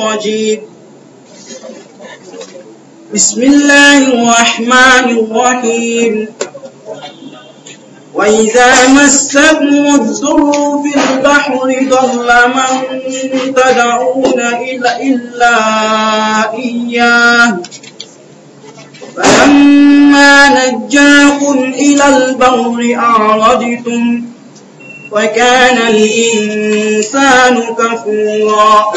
الرجيم بسم الله الرحمن الرحيم وإذا مسكم الضر في البحر ضل من تدعون إلا, إلا إياه فلما نجاكم إلى البر أعرضتم وكان الإنسان كفورا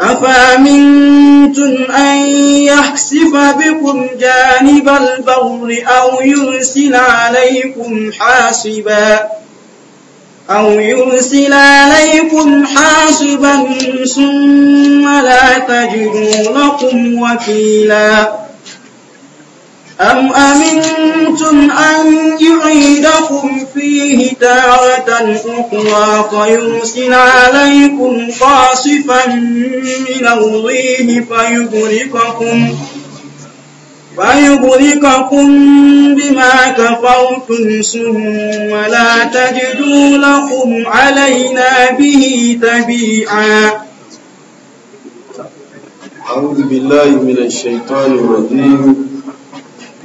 أفأمنتم أن يحسف بكم جانب البر أو يرسل عليكم حاصبا أو يرسل عليكم حاصبا ثم لا تجدوا لكم وكيلا أم أمنتم أن يعيدكم فيه تارة أخرى فيرسل عليكم قاصفا من الريح فيغرقكم فيغرقكم بما كفرتم ثم لا تجدوا لكم علينا به تبيعا أعوذ بالله من الشيطان الرجيم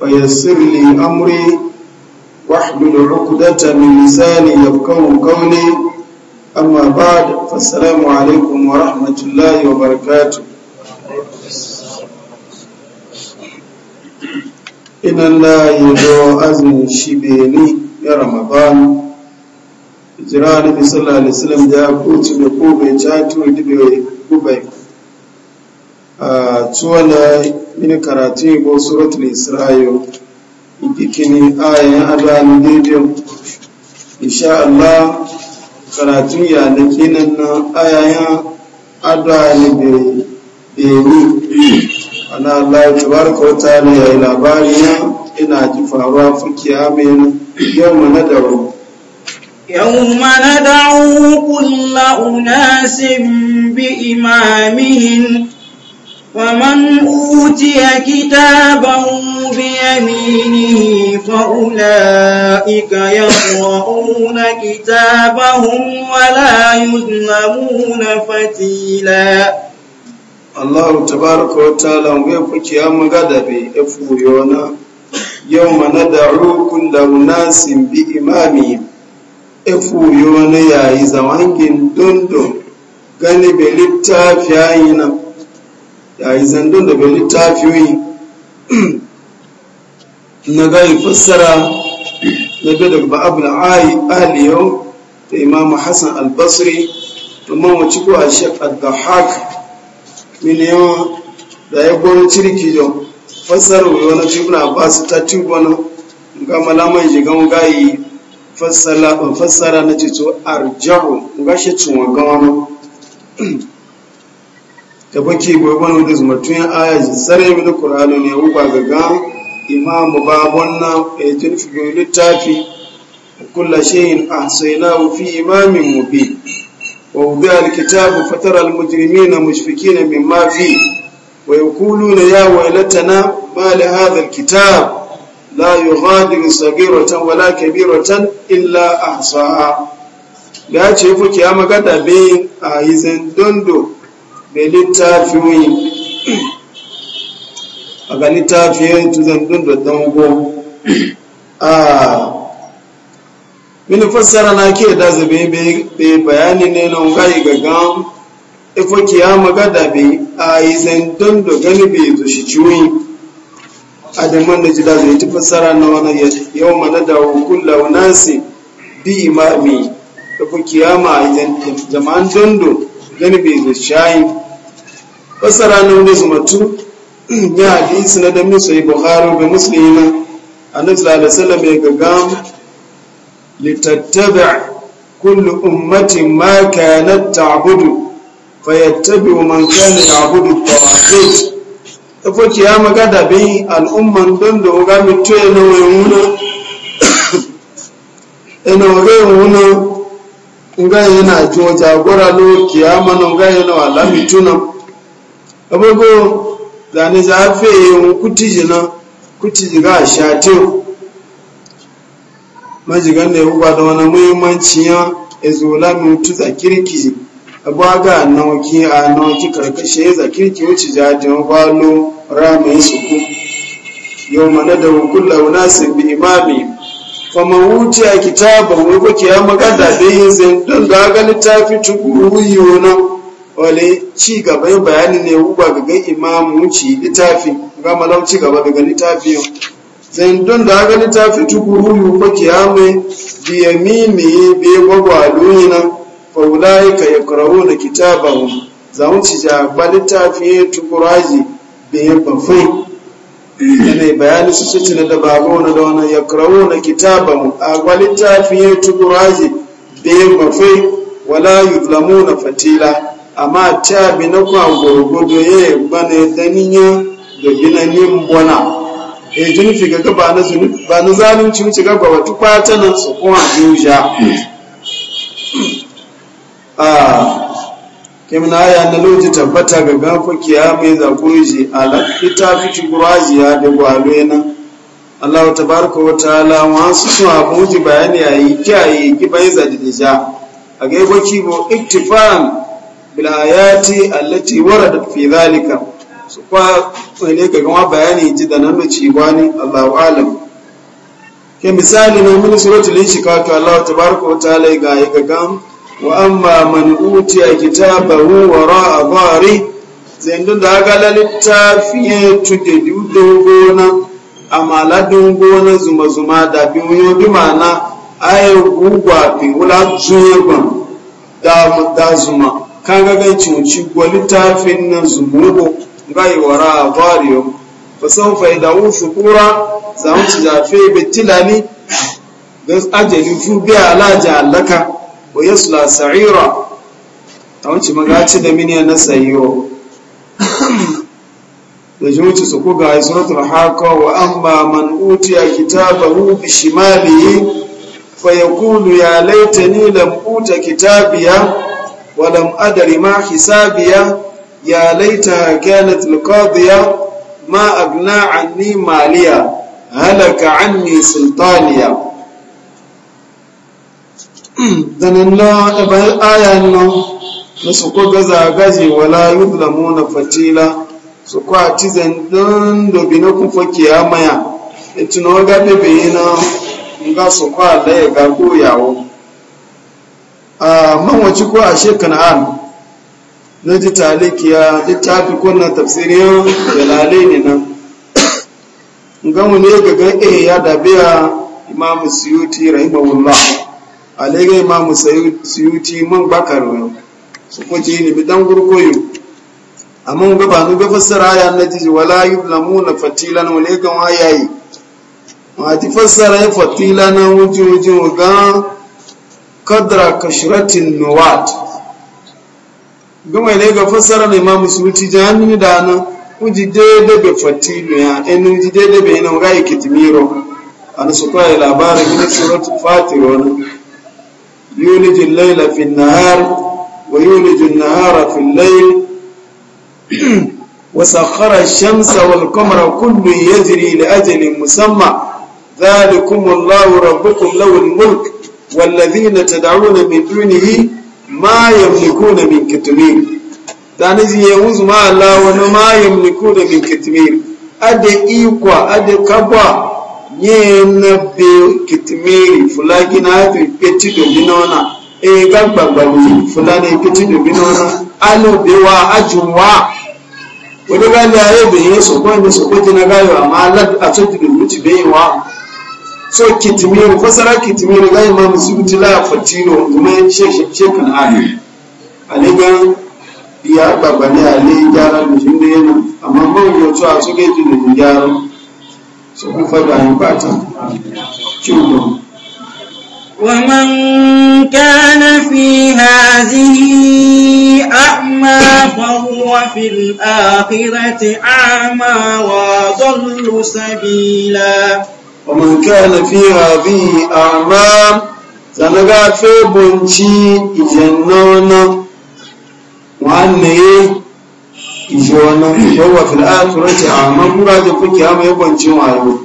ويسر لي أمري واحلل عقدة من لساني يفقه قولي أما بعد فالسلام عليكم ورحمة الله وبركاته إن الله يدعو أزم شبيني يا رمضان جرالي صلى الله عليه وسلم جاء قوتي بقوبة da ko bai tsola mini karatu ibo suratul isra'il ikikini ayan adalin daidai insha Allah karatu ya da kinan na ayayen adalin daidai ana Allah tabaraka wa ta'ala ya yi labari ya ina ji faruwa fukiya mai yau mana da يوم ندعو كل أناس بإمامهم فمن أوتي كتابه بيمينه فأولئك يقرؤون كتابهم ولا يظلمون فتيلا الله تبارك وتعالى ويفك يا مغدبي افويونا يوم ندعو كل أناس بإمامهم افويونا يا إذا وانجن دندن gani bai littafi yayi nan yayi zandun da bai littafi na gari fassara na bi daga abu na ahli yau da imamu hassan albasri da mamaci ko a shek al-dahak min yawa da ya gwamnati ciriki yau fassara wani ba su ta tubana ga malaman shigan gayi fassara na ce to arjahu ga shi cin wa gawa tabaki boy bonu dis matun aya ji sare mi qur'anu ne uba babon na babonna yi tin fi littafi a sai na wufi imamin mubin wa wubi alkitabu na almujrimina na mimma mafi wa yaquluna ya waylatana ma li hadha alkitab la yughadiru sagirotan wala kabiratan illa a ahsaha Ya ce fuki ya magada bin a yi dondo da littafin a ga littafin tuzan ɗin da dango a mini fassara na ke da zabe bai bayani ne na ngai gagan ifo kiyama gada bai a yi zandon da gani bai zo shi ciwoyi a da man da ji da zai ti fassara na wani yau mana da kulla wunansi bi imami ifo kiyama a yi zandon jama'an dondo gani bai zo shayi fassara nan da su matu ya hadisi na dan musu bukhari ga muslima annabi sallallahu alaihi wasallam ya gaga litattaba kullu ummatin ma kanat ta'budu fayattabi'u man kana ya'budu tawaghit ifo ci ya magada bi al'umman don da oga mito ya nawa ya wuna ina oga ya wuna nga yana jo jagora lo kiyama na nga yana wa lamitunan abogo zane za fe yin kuti jina kuti jiga shatin majigan da ya huba da wani muhimmanci ya ezola mutu za kirki ga nauki a nauki karkashe za kirki wuce jajin falo ramin suku yau mana da hukulla sun bi imami fama wuce a kitaban wuce ya magada da yin zai don ga littafi tukuru yiwu wale ci gaba yin bayani ne wuba ga gan imamu ci littafi ga malau ci gaba daga littafi zan don da ga littafi tukuru yu fa kiyame bi yamini be gwagwalu na fa ulaika yaqrauna za mu ci ja ba littafi tukuraji be bafai yana bayani su ci na da bago na da wannan yaqrauna kitabawa, a ga littafi tukuraji be bafai wala yuzlamuna fatila amma ta bi na kwa gwargwado ya yi bane daniya da gina nin mbona. e jini fi gaga ba na zuni ba na zalunci wuce ga ba wata kwata nan su kuma juja a kim na ya na loji tabbata ga gafa kiyamai za ku ji ala ita fi kuraji ya da gwalo nan Allah tabaraka wa ta'ala wasu su abuji bayani ayi kiyaye za zadidija a gaibaki bo iktifan bilayati allati waradat fi zalika su kwa ne ga gama bayani ji da nan ci gwani Allahu alam ke misali na min suratul inshiqaq Allah tabaraka wa ta'ala ga ga gam wa amma man utiya kitabahu wara'a dhari zendun da ga lalitta fiye tude dudo na amala dungo gona zuma zuma da bi yo bi mana ayo gugwa bi wala zuye da da zuma kan gagan cuci ko littafin nan zumurubu gai wara bariyo fa sau fa da shukura za mu ci jafe bitilani dan ajali fu bi ala jalaka wa yasla sa'ira ta wuce magaci da mini na sayo da ji wuce su kuga suratul haka wa amma man utiya kitabahu bi shimalihi fa yaqulu ya laitani lam uta kitabiya ولم أدر ما حسابي يا ليتها كانت القاضية ما أغنى عني ماليا هلك عني سلطانيا دنن لا إبهي آية na su gaza gaji wala yuzlamuna fatila su ko a ci zandon da bina kun fake ya maya ita na su manwaci ko a shekana'an na ji talikiya tafi kwanan tafsirin jalalai ne nan gamu ne gagan eh ya dabiya imamu suyuti rahimahullah alaiga imamu siyuti man bakar su kwace ne bidan gurgoyo a man gaba nu ga fassara ya na jiji wala na yublamuna fatilan wale kan wayayi ma ti fassara ya fatilan wujin wujin gan. قدر كشرة النواة كما يلقى فسر الإمام سوتي جاني دانا وجدد بفتيلو يا إن وجدد بين وغاي كتميرو أنا سقى إلى بار من سورة فاتيرون يولج الليل في النهار ويولج النهار في الليل وسخر الشمس والقمر كل يجري لأجل مسمى ذلكم الله ربكم له الملك والذين تدعون من دونه ما يملكون من كتمير دانجي يوز ما الله وما يملكون من كتمير ade ikwa ade kabwa nye na be kitimiri fulagi na hatu ipeti dominona e gagbagba ni fulani ipeti dominona alo bewa ajuwa wani gali ayo beyin sokwa ni sokwa jina gayo amma alad atoti domin ci beyin wa so kitimiru fasara kitimir ga imam subuti la fatino kuma shekan kan ahi ga ya baba ne ale gyara mutum da yana amma mun yi to a suke ji da gyara so ku fada yin bata kyau ومن كان في هذه أعمى فهو في الآخرة أعمى وأضل سبيلا ومن كان في هذه أعمى سنغا في بنشي إجنون وأنه إجوانا وهو في الآخرة أعمى مراجع كي أما يبنشي وعيو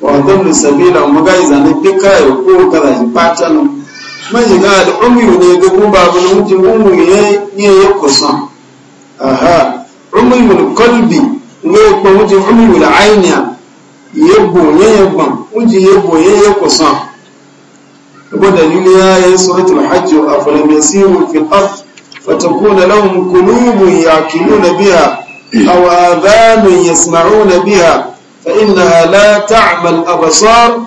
وأضل السبيل ومغاي زنبكا يقول كذا يباتنا ما يقال أمي ونيقبوا بابنا وجمعوا يكسا أها أمي من قلبي ويقبوا وجمعوا العين فتكون لهم قلوب يعقلون بها او اذان يسمعون بها فانها لا تعمل أبصار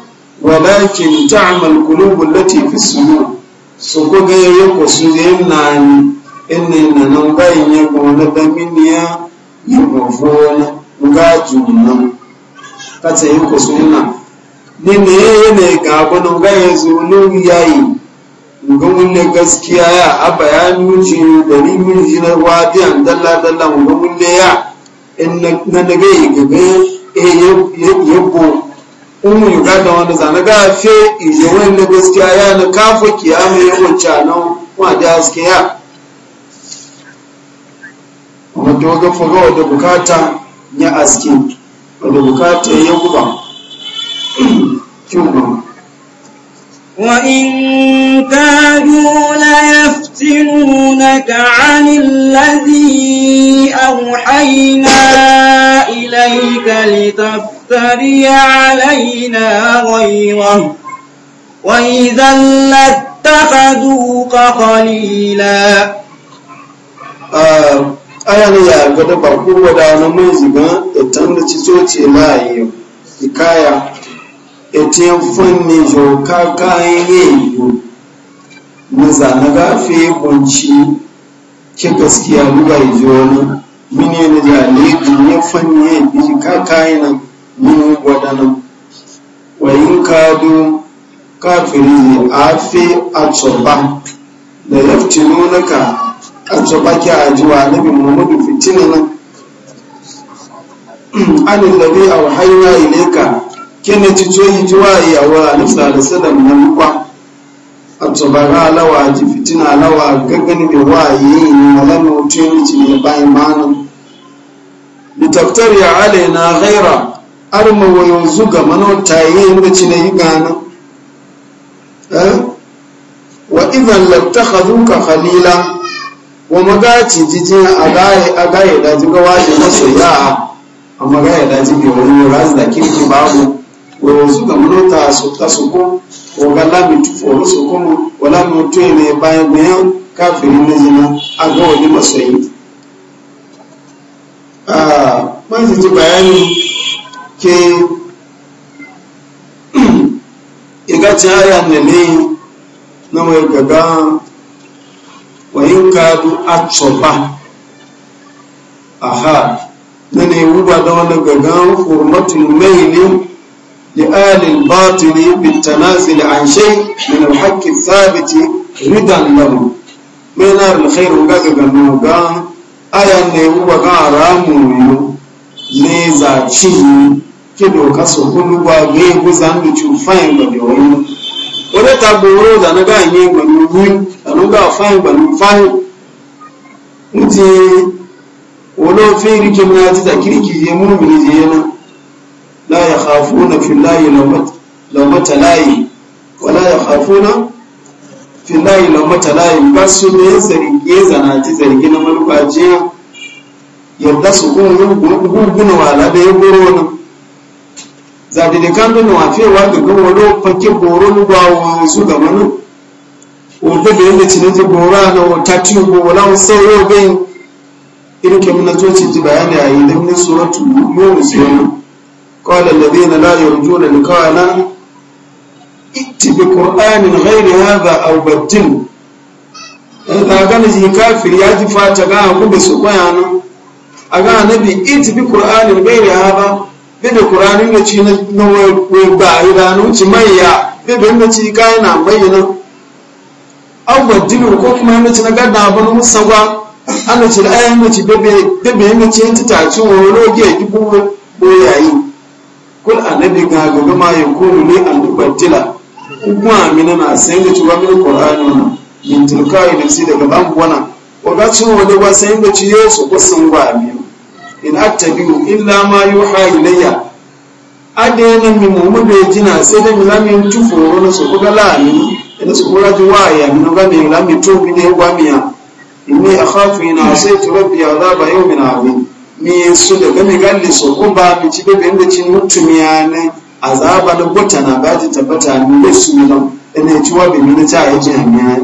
ولكن تعمل قلوب التي في الصدور سوكو يوكو سوزين ان ان نوباين يكون لدمين يا يوفون غاجو kata yi ko sunna ni ne ne ga gwanon gaya zo ya yi. ga wunne gaskiya ya a bayani wuce da ni min ji na wadiyan dalla dalla ga wunne ya in na daga yi gaba eh, ya bo in yi ga da wani zane ga fe ije wunne gaskiya ya na kafa kiyama ya wuce nan wa da haske ya wanda ga faga da bukata ya aski? olùbùkátà yẹn kú bá kí o mọ̀. وإن كانوا ليفتنونك عن الذي أوحينا إليك لتفتري علينا غيره وإذا لاتخذوك خليلا آه aya ne ya ga da barku wada na mai ziga etan da ci so ce la yi ikaya etin ne jo ka kayan yayi na zana gafe kunci ke gaskiya ruwa yi jo wani mini ne da ne ya fanni ya e, yi ka kayan nan mini nan. wayin kado kafiri ne a fi a tsoba da ka. a tsofaki a jiwa nabi muhammadu fitina nan anin da bai a wahaina ileka kene cito yi jiwa yawa a nufsa da salam na nukwa a tsobara alawa ji fitina alawa gangani da wa yi malan mutum ci ne bayan manan litaftar ya alaina haira arma wayo zuga manota yi inda ci ne yi gana eh? wa idan zuka khalila wa magaci jijin a gaye da jiga wajen masoya a magaye da jiga wani razi da kirki babu wani su ga mulota su ta su ko ko ga lami tuforo su mutu ne bayan bayan kafirin na jina a ga wani masoyi a bayani ke ne na mai gaga ويكاد kadu atsoba aha nane wuba da wani gagan hurmatul لآل الباطل بالتنازل عن شيء من الحق الثابت رضا له من نار الخير وقاك قنوقان آية نيوبا قارامو نيزا تشيه كدو كسو كنوبا غيبو زانبتو فاين بديوين wani tagboro da na ga yin gbanu ruwi da na ga fahin gbanu fahin mutu wani fi rikin na ji da kirki ya yana la ya hafu na filayi laumata layi wala ya hafu na filayi laumata layi ba su ne zarge zana ji na malukajiya yadda su kuma guggunawa da ya goro zadede kando no afewa gaga wolo fanke boro lugwa wa su gaba no obe da yadda cinin ta boro ana wata tubo wala wani sauro bayan irin ke muna zoci ji bayani a yi damnin suratu yunus yau kawai da zai na layar juna da kawai na Iti bi itibi ƙur'anin ghairi haza a baddin ɗan eh, tsagana ji kafir ya ji fata ga kuma su kwaya nan a ga nabi itibi ƙur'anin ghairi haza bebe kurani da ci na ila idanu ci maiya bebe inda ci kayi na bayyana abubuwan dinin ko kuma inda ci na ban abin musagwa ana ci da ayan da ci bebe ta ci yin titacin wani roge ya gibu boyayi kul annabi ga ga ma ya kuru ne an dubatila kuma amina na sai da ci wa kurani na min tilkayi da ci daga ban buwana wa ga ci wani wa sai da ci yesu ko sun gwa amina in attabi'u illa ma yuha ilayya adena mi muhammadu ya jina sai da mi lami tuforo na su kuka lami ina su kura ji waya mi e nuga mi lami tobi ne gwamiya inni akhafu ina sai tu rabbi azaba yawmin azim mi su da gami galli su ko ba mi ci bebe inda cin mutumiya ne azaba na bota na baji tabbata mi da su ne ina ci wa bi mi na ta yi jami'a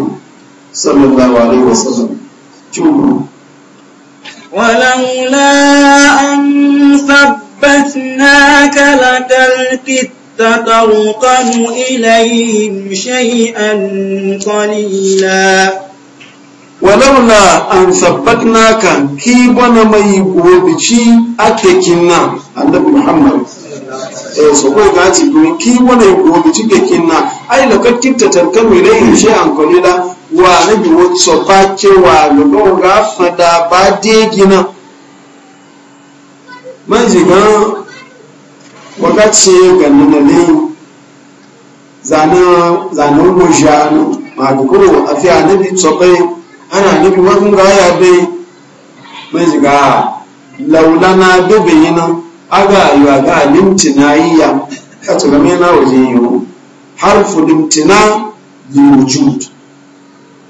sallallahu alaihi wasallam ciwo ولولا أن ثبتناك لتلقت تترقب إليهم شيئا قليلا ولولا أن ثبتناك كي بنا ما أكيكنا أككنا النبي محمد eh so ko ga ci domin ki wani ci cike kinna ai la kakkita tarkamu shi an qalila wa nabi wato ba cewa lulun rafada ba na. man jigan wakati ganin da ne zanen gojiyanu ma dukuru a fi a nabi tsobai ana nabi wani gaya bai man jiga na dubbe yi nan aga yi wa ga limtina yi to ka tsogamai na waje yi harfu limtina yi wujud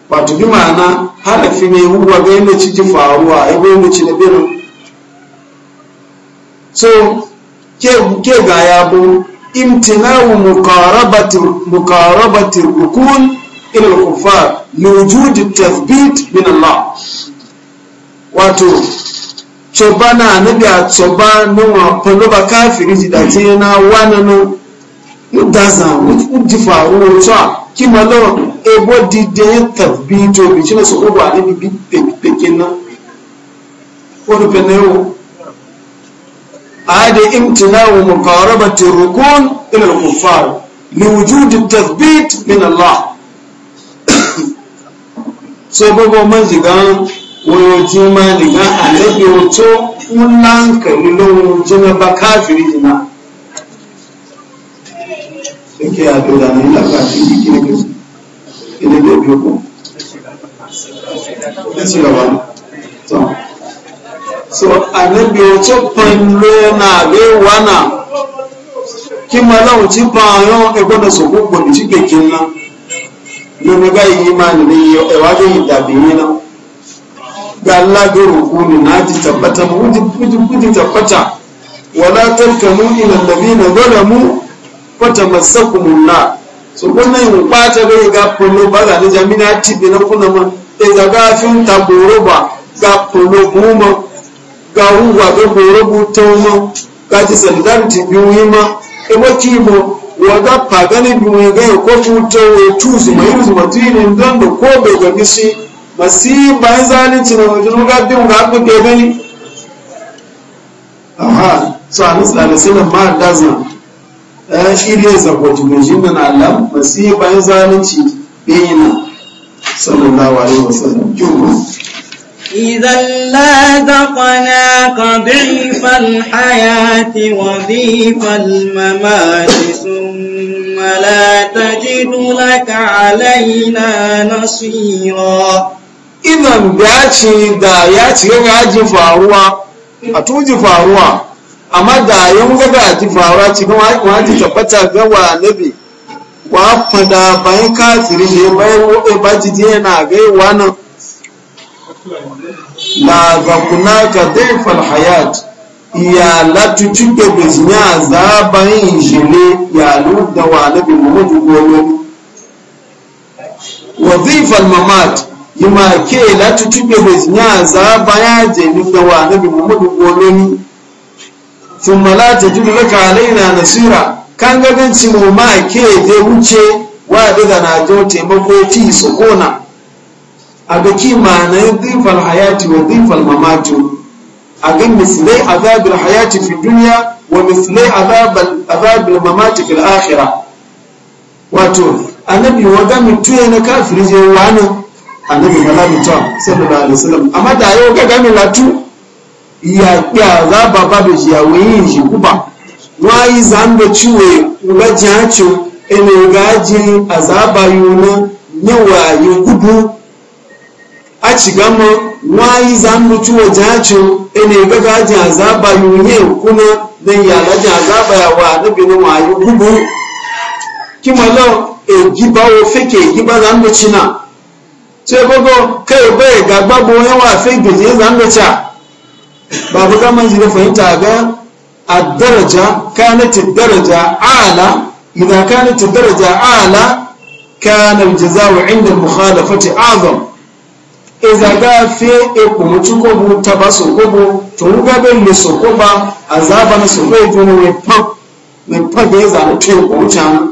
wato bi ma'ana harafi ne huwa ga yadda ciki faruwa a ga yadda na so ke ga ya bu imtinawu mukarabati rukun ila kufar. liwujudi tathbit min Allah wato coba na anabi a coba nuna faloba kafiri jidati na dazan wuji faruwar cewa kima lawan ebo dide tabbi to bi shi su uba ne bi bi pekin nan A da penewo ada imtinawu muqarabati rukun ila al-kuffar li wujud min Allah so bogo man jiga woji ma diga annabi wato ulan kalilo jina ba kafiri jina suke yato da nan lafafi jiki na kusa ina da biyu ko na ci na be wana kí mo lọ́hùn tí bá ọyán ẹgbọ́dọ̀ sọ̀kú gbòdì sí kèké ńlá lómi báyìí máa nìyí ẹ̀wájú ìdàbí yín náà galaga rukuni na ji tabbata wuji tabbata wala tarkanu ila fata masaku munna so kuna yin kwata bai ga polo ba da ni jamina tibi na kuna ma e za ga fin ta goro ba ga polo kuma ga huwa ga goro buta ma ga ti sandan ti biyu ma e ba ti wa ga pagani biyu ga e ko futa e tuzu e ma yuzu ma ndan da ko bai ga gisi masiba zalunci na wajen ga biyu ga ku ke bani aha so a nisa da sinan ma dazna ɗaya eh, shi ne zabbaci mai shi mana Allah masifan zalunci bayan sallallahu alaihi wasallam juma idan la zaqana ka fal hayati wa bifal mamati summa la tajidu laka alaina nasira imam Idan ya ce da ya ci yau ya ji faruwa a tuji faruwa amma da yan gaga ji faruwa cikin wani tabbata ga wa nabi wa fada bayan kafiri ne bayan eh, baji ji yana gai wani la zakuna ka dai falhayat ya latutu da bizinya za bayan jile ya da wa nabi muhammadu golo wazifar mamat yi ma ke latutu da bizinya za bayan jini da wa nabi muhammadu golo sun malata jin laka alaina nasira kan gaganci mu ma ke je wuce wa daga na jo taimako fi su kona a baki ma'anar zifar hayati wa mamatu a gan mislai azabil hayati fi duniya wa mislai azabil mamati fil akhira wato annabi wa ga mutuye na kafiri je wani annabi malami ta sallallahu alaihi wasallam amma da yau ga gami latu yaƙi azaba babu shi ya wee wuyi shi guba wayi zan da ciwe ga jaci ene gaji azaba yuna yawa yi gudu a ci gama wayi zan da ciwe jaci ene ga gaji azaba yuna kuma dan ya gaji azaba ya wa e na bin wayi gudu kimalo e giba o fike giba zan da cina sai gogo kai bai gagbabo yawa fike gizi zan da ca babu zaman zira fahimta ga a daraja kanatin daraja ala idan kanatin daraja ala kanar jizawa inda muhada fati azam iza gafe eku mutu gobu ta ba su gobu to gabe ne su gobu a zaba na su gobe gobe ne pap ne pap ya zaba ta yi kwanci ana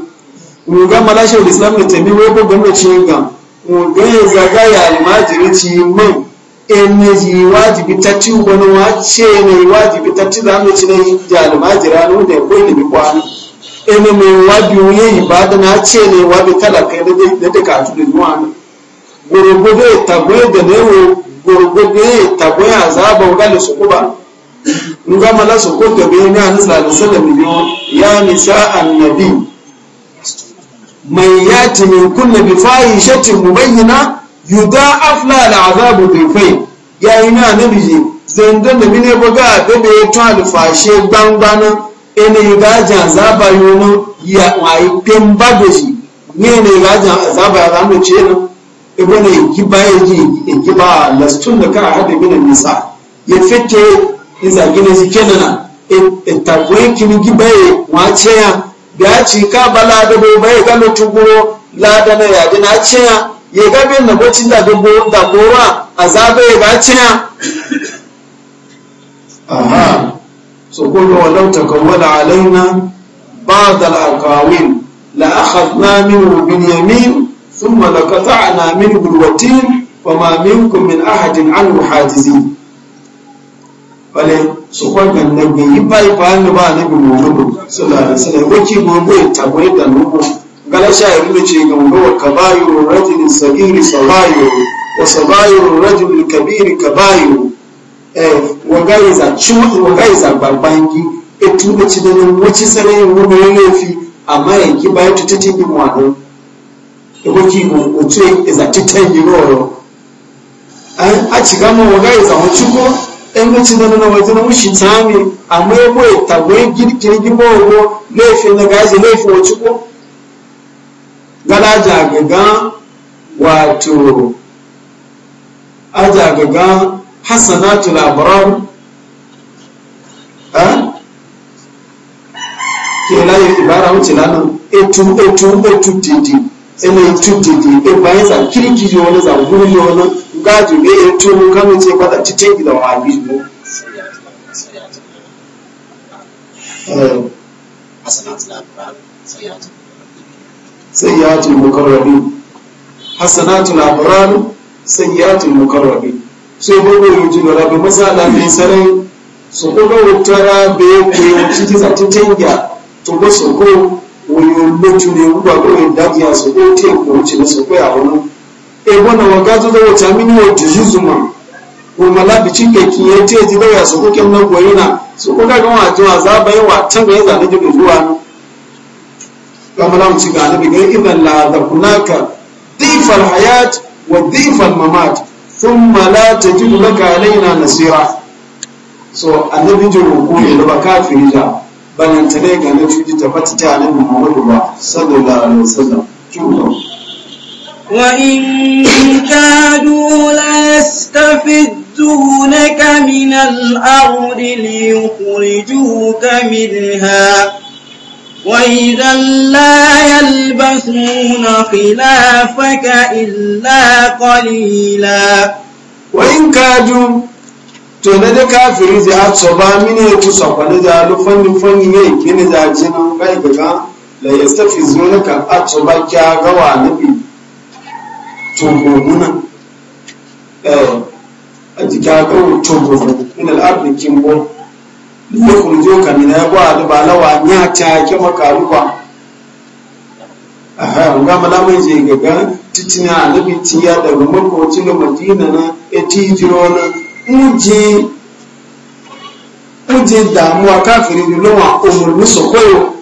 ruga malashe da islam da tabi wai gobe ne ci yi ga ya zaga ya almajiri ci mai emeji wajibi tati wani wace ne wajibi tati za mu ci ne da almajira no da ko ilimi kwano ene mai wabi wuye ibada na ce ne wabi talaka da da ka tudu nuwa gurgude tagwe da newo gurgude tagwe azaba ngale su kuba ngama la su ko gabe ne an sallallahu alaihi wasallam ya nisa annabi mai yati min kunna bi fahishatin mubayyina yuda afla azabu dufai ya yi na namiji zandon da mine ba da bebe ya da fashe gbangbana ene yuda jan zaba yono ya wayi pin shi ne ne ga jan zaba ya zama ce na ibo ne giba ya ji giba lastun da ka hada min nisa ya fite iza gine shi kenana etakwai kini giba ya wace ya da ya ci ka bala da bai ga lutuguro ladana ya dina ce ya ya gabe na bacin da gora a ya ba cina aha so kuma walau takawwala alaina ba da aqawin la akhadna min bil yamin thumma laqata'na min al-watin ma minkum min ahadin anhu bale so su kwanan nan bai yi bai ba ne ba ne bi mu sallallahu alaihi wasallam wuce mu bai da nuhu gala sha'ir ce ga wa kabayu rajul sagiri sagayu wa sagayu rajul kabiri kabayu wa gaiza cuɗi wa gaiza babangi etu da ci da nan wace sanayin wani ya laifi amma yanki bayan tutati bi mwaɗo ebo ki mu otu eza titan yi roro a ci gama wa gaiza wa cuko na mushi tsami amma ya boye gidi girgin gibo laifin na gaji laifin wa gada jagagan wato a jagagan hassanatu labaran eh? ke láyé ìbára ó ti etu etu etu dìdì ẹnà etu dìdì ẹgbà ẹ̀sà kíríkìrí ọ̀nà ẹ̀sà gbúrú ní ọ̀nà gáàjù ní etu ní kánú ti padà títí ìgbìdà wà ní ìlú. سيئات المقربين حسنات الأبرار سيئات المقربين sai gogo yuji da rabu masala mai sarai su ko ga wutara be ko ciki za ta to ba soko. Wani woyo ne uba ko ya ko ko ne ya e bona da wata mini wa jujuzuma ko malabi cinke ki ya te ji da ya su kin na goyina su ko ga wato wa jiwa za wa tanga yanzu da jibi zuwa kamala mu ci إذا لا ga ضيف الحياة وضيف الممات ثم لا تجد لك علينا la so annabi ji ko ne da kafiri ja ban ta ne ga ne shi ta fata ta annabi Muhammadu ba sallallahu alaihi wasallam kiwo وإن كادوا ليستفدونك من الأرض ليخرجوك minha وإذا لا يلبثون خلافك إلا قليلا وإن كادوا tunade kafiri zai hatsa ba mini ya kusa kwanu da alufannin fannin ya yi ne da jinan kai gaga da ya stafi zuwa ka hatsa ba ya kurjo ka ya ba da balawa ya ta ke maka ba aha ga malamai je gaga titina alabi tiya daga makoci ga madina na etijiro na muje muje damuwa kafiri ne lawa umurni su koyo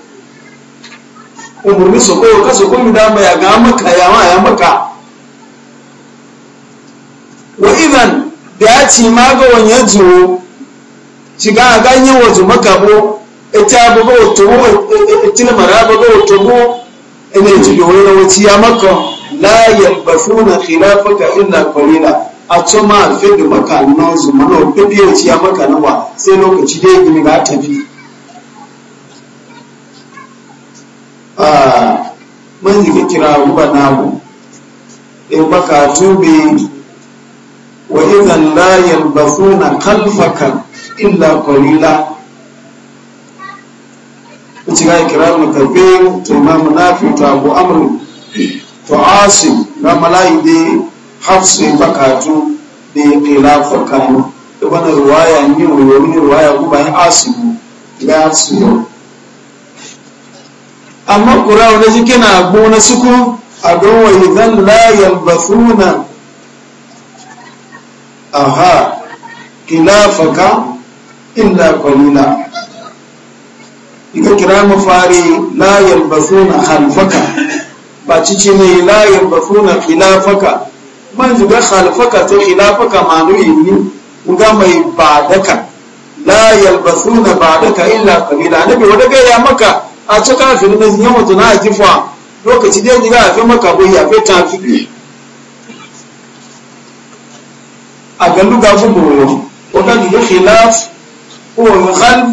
umurni su koyo kasu kun da ya ga maka ya ma ya maka wa idan da ya ci ma ya jiro shiga a ganye wazu makabo ita e abubuwa otobo e, e, ita mara abubuwa otobo ina ji da wani wace ya maka la yabbasu na khilafaka illa qalila a tsoma alfe da maka na su mana otobi ya ci ya maka nawa sai lokaci da gini ga tafi a man yi kira ruba namu in baka tube wa idan la yalbasuna khalfaka illa qalila uciga ikram kabir to imam nafi to abu amr to asim na malai de hafsi bakatu de khilafa kanu ibana riwaya ni wo ni riwaya ku bayan asim ga hafsi amma qur'an ne kina gona suku a don idan la yalbasuna aha khilafaka illa kwalila iga kira mu fari la yalbasuna khalfaka ba cici ne la yalbasuna khilafaka man jiga khalfaka to khilafaka manu ibni uga mai badaka la yalbasuna badaka illa qalila nabi wada ga ya maka a cika firin yawa tuna jifa lokaci dai ga ga maka bai ya fi o fuburo wakajuje khilaf huwa mukhalif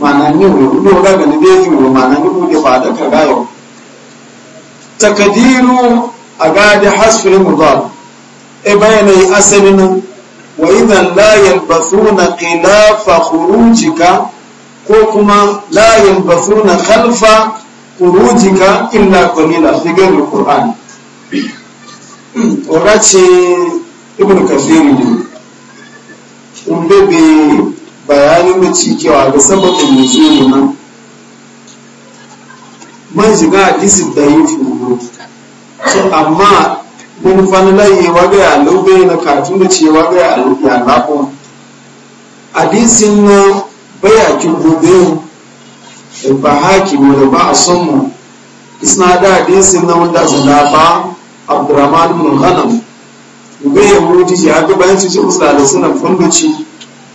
maana ni huyo ndio ga ni defi huyo maana ni ka ga yo takdiru agadi hasfi mudar e bayana asalinu wa idhan la yalbathuna khilafa khurujika ko kuma la yalbathuna khalfa khurujika illa qalila figar alquran orace ibn kathir ne in bebe bayanin da cike wa ga sababin nuzulu nan man shiga hadisi da yi furu so amma mun layi ya waga ya lobe na katun da ce waga ya ya a hadisin na baya ki gobe ba mu da ba a son mu da hadisin na wanda zunaba abdurrahman bin ghanam ga yahudi shi haka bayan su usta da suna funduci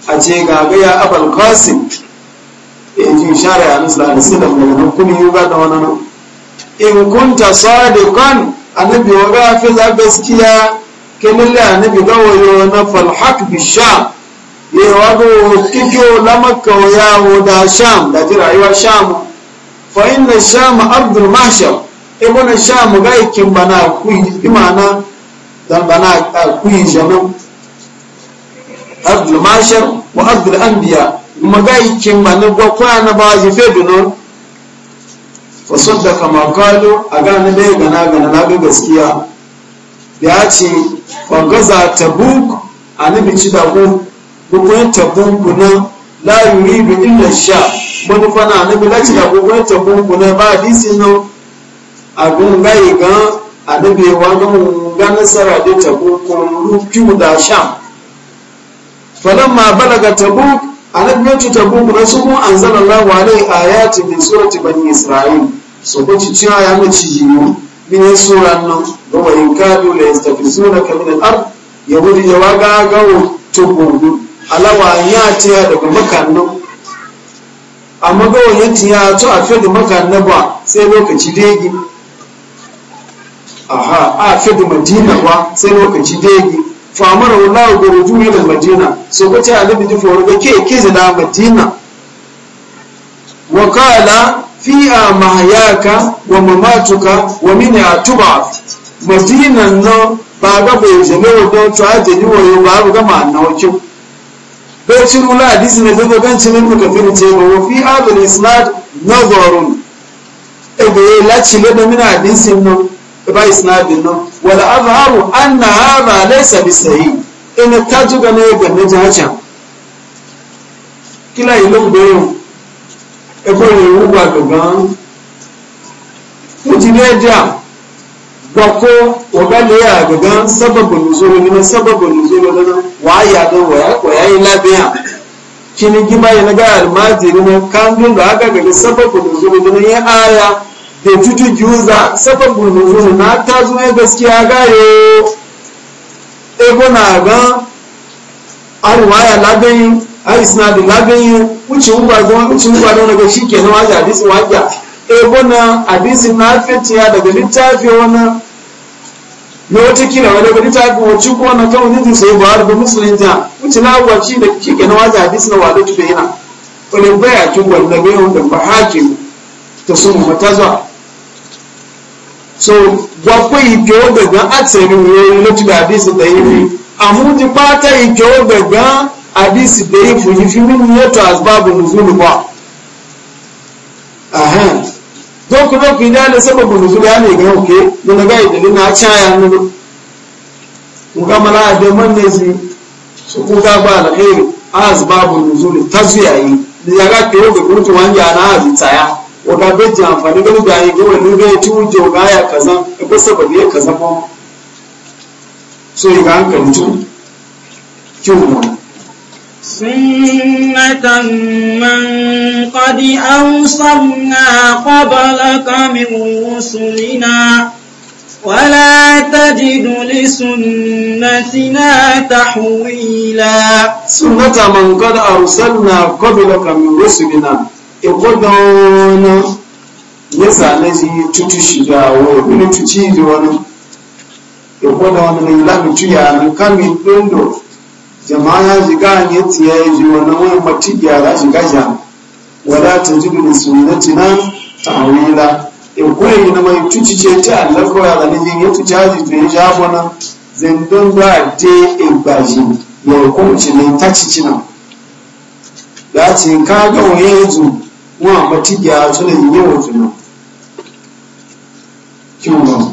a ce ga ga ya abal qasim in ji share ya nusa da suna daga hukumi yuga da nan in kunta sadiqan annabi wa ga fi za gaskiya kenan la annabi ga wayo na falhaq bi sha ye wa go kikyo na makka ya da sham da ji rayuwar sham fa inna sham Abdul mahshar ibn sham ga ikin bana ku imana zambana a kuyin jamo ardul mashar wa ardul anbiya magai kin mana na kwa na ba ji fe duno fa saddaka ma qalu aga na dai gana gana na ga gaskiya ya ce wa gaza tabuk anabi ci da ku gukun tabuk nan la yuridu illa sha mun fana anabi la ci da gukun tabuk nan ba disi no agun gai gan anabi wa nan ga nasara da tabuk da sham falamma balaga tabuk anabi ya ci tabuk na su kun anzala Allah wa alai ayati min surati bani isra'il so ko ci ciya ya mace yiwu min suran nan ga in kadu la yastafisunaka min al-ard yahudi ya waga gawo tubudu alawa ya tiya daga makannin amma gawo ya tiya to a fiye da makannin ba sai lokaci dai aha a da madina ba sai lokaci dai famar wallahu da ruju da madina so ko ta annabi ji foro ga ke zina madina wa qala a mahyaka wa mamatuka wa min atuba madina no ba ga bai jeme wa don to aje ni wayo ba ga ma na wace ko ciru la hadisi ne zai ga cinin da kafin ce ba wa fi hadal isnad nazarun ebe la cile da min hadisin no ba isnadin nan wal azharu anna hadha laysa bisahih in ta juga ne ga ne jacha kila ilo gbe e bo ni wu gba gan ku ji ne ja gbako ogale ya gagan sababu nuzuru ni na sababu nuzuru na wa ya don wa ya ko yayi labiya kini gima ya naga almajiri na kandun da aka gaga sababu nuzuru na ya aya da tutun giwuza safan burbuzu na ta zuwa gaskiya gayo ego na gan arwaya labayin a isnadu labayin wuce ugbagon wuce ugbagon daga shi ke na wajen hadisi wajen ego na hadisi na fetiya daga littafi wani na watakila wani daga littafi wacce kuma na kan wani dusai ba harbi musulunci wuce na wace da shi ke na wajen hadisi na wadatu da yana wani baya kin wanda bayan da ba hakim ta sun mata zuwa so gbapò ìjọ gbẹ̀gbọ́n àtẹ̀rìwò lójúbà àdìsí tẹ̀yìnfì àmúdi pátá ìjọ gbẹ̀gbọ́n àdìsí tẹ̀yìnfì yìí fi mímú yẹtọ̀ àsbábù nùfúlù wà. dókòdókò ìdá lè sọ́kò bùnùfúlù yà lè gán òkè gbọ̀nàgá ìdílé náà cháyà nínú. nǹkan mọ́lá àjọ mọ́nẹ́sì sọ́kò gágbà àlàkéèrè àsbábù nùfúlù tásù yà yìí waga bejji amfani gani ga yi gawa nuga ya ci wuce waga ya kaza ya ko sababi ya kaza ba so yi ga hankali tun kyau سنة من قد أوصلنا قبلك من رسلنا ولا تجد لسنتنا تحويلا سنة من قد أرسلنا قبلك من ikwa gawana ya zane shi tutu shiga wa wani tuci da wani ikwa da wani mai lami tuya ne kami dondo jama'a ya shiga ne tiya ya ji wani wani mati gyara shiga sha wada ta ji da sunnati na ta'awila ikwa yi na mai tuci ce ta allah ko ya zane shi ya tuci haji to ya sha wani zindon da te igbaji ya hukunci ne ta cicina ya ce ka ga wani ya wọn àwọn tíbi aṣọ lè yíyẹ òfin náà kí wọn náà.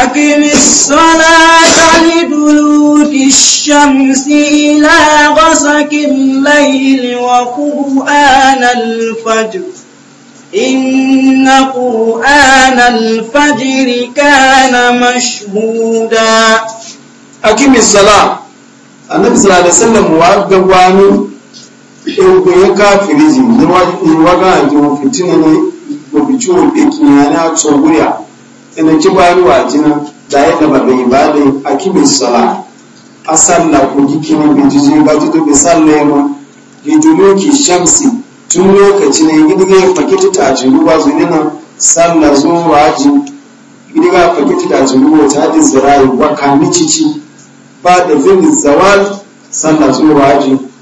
Akimi sọ́lá tani dúró di ṣàmù sí ilá gọ́sàkì láìlì wọn kú ànà lùfàjò. Iná kú ànà lùfàjì rí káàna mashúdá. Akimi sọ́lá, àná bí ɗaukoyin kafirizm na wagaji wa fitina ne wa bici wa ɗakin yana tsoguriya ina ki bari wa jina da ya da babai ba da a kibin sala a salla ko gikin bijiji ba ji to bi salla ma ki shamsi tun lokaci ne gidiga faki ta jiru ba zunina salla zuwa ji gidiga faki ta jiru wata hadin zirayi wa kamici ba da zini zawal salla zuwa ji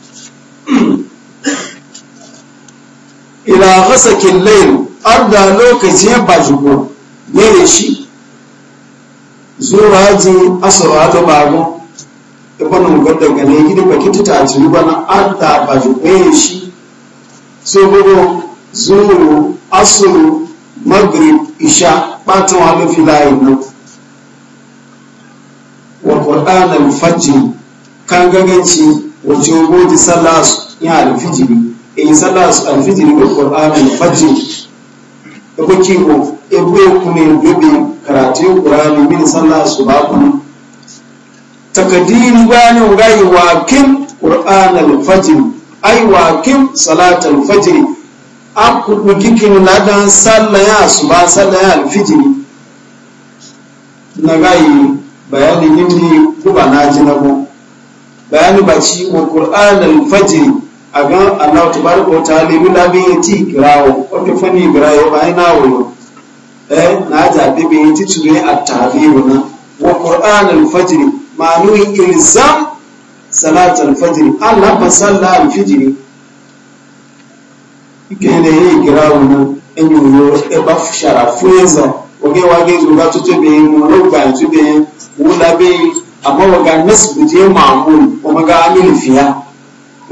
ila ghasakin layl arda lokacin bajugo ne shi zuwa ji asara ta bago ibn mugar daga ne gidi ba kiti ta ci ba na arda bajugo shi so gogo zuwa asuru maghrib isha batan wa ga filayin nan wa qur'an al-fajr kan gaganci wajen godi sallah ya al-fajr èyí sálà alfijiri bẹ qur'an fati ebo kiko ebo ekune lobe karatu qur'an min sálà suba kunu takadiri bani ngai wakin qur'an alfajir ai wakin salat alfajir aku gikin ladan sálà ya suba sálà ya alfijiri nagai bayani yindi kuba na jinago bayani baci wa qur'an alfajir Aga allah tabaraka ta ta'ala da la bi ti grawo o to fani grawo bai na wo eh na ja bi bi ti tuni a tahrir na wa qur'an al-fajr ma'nu ilzam salat al-fajr allah fa salla al-fajr ikene yi grawo na enyu yo e ba fushara fuenza oge wa ge zuga tutu be mu no ga tutu be wula be amma waga nasbu je ma'mul kuma ga amil fiya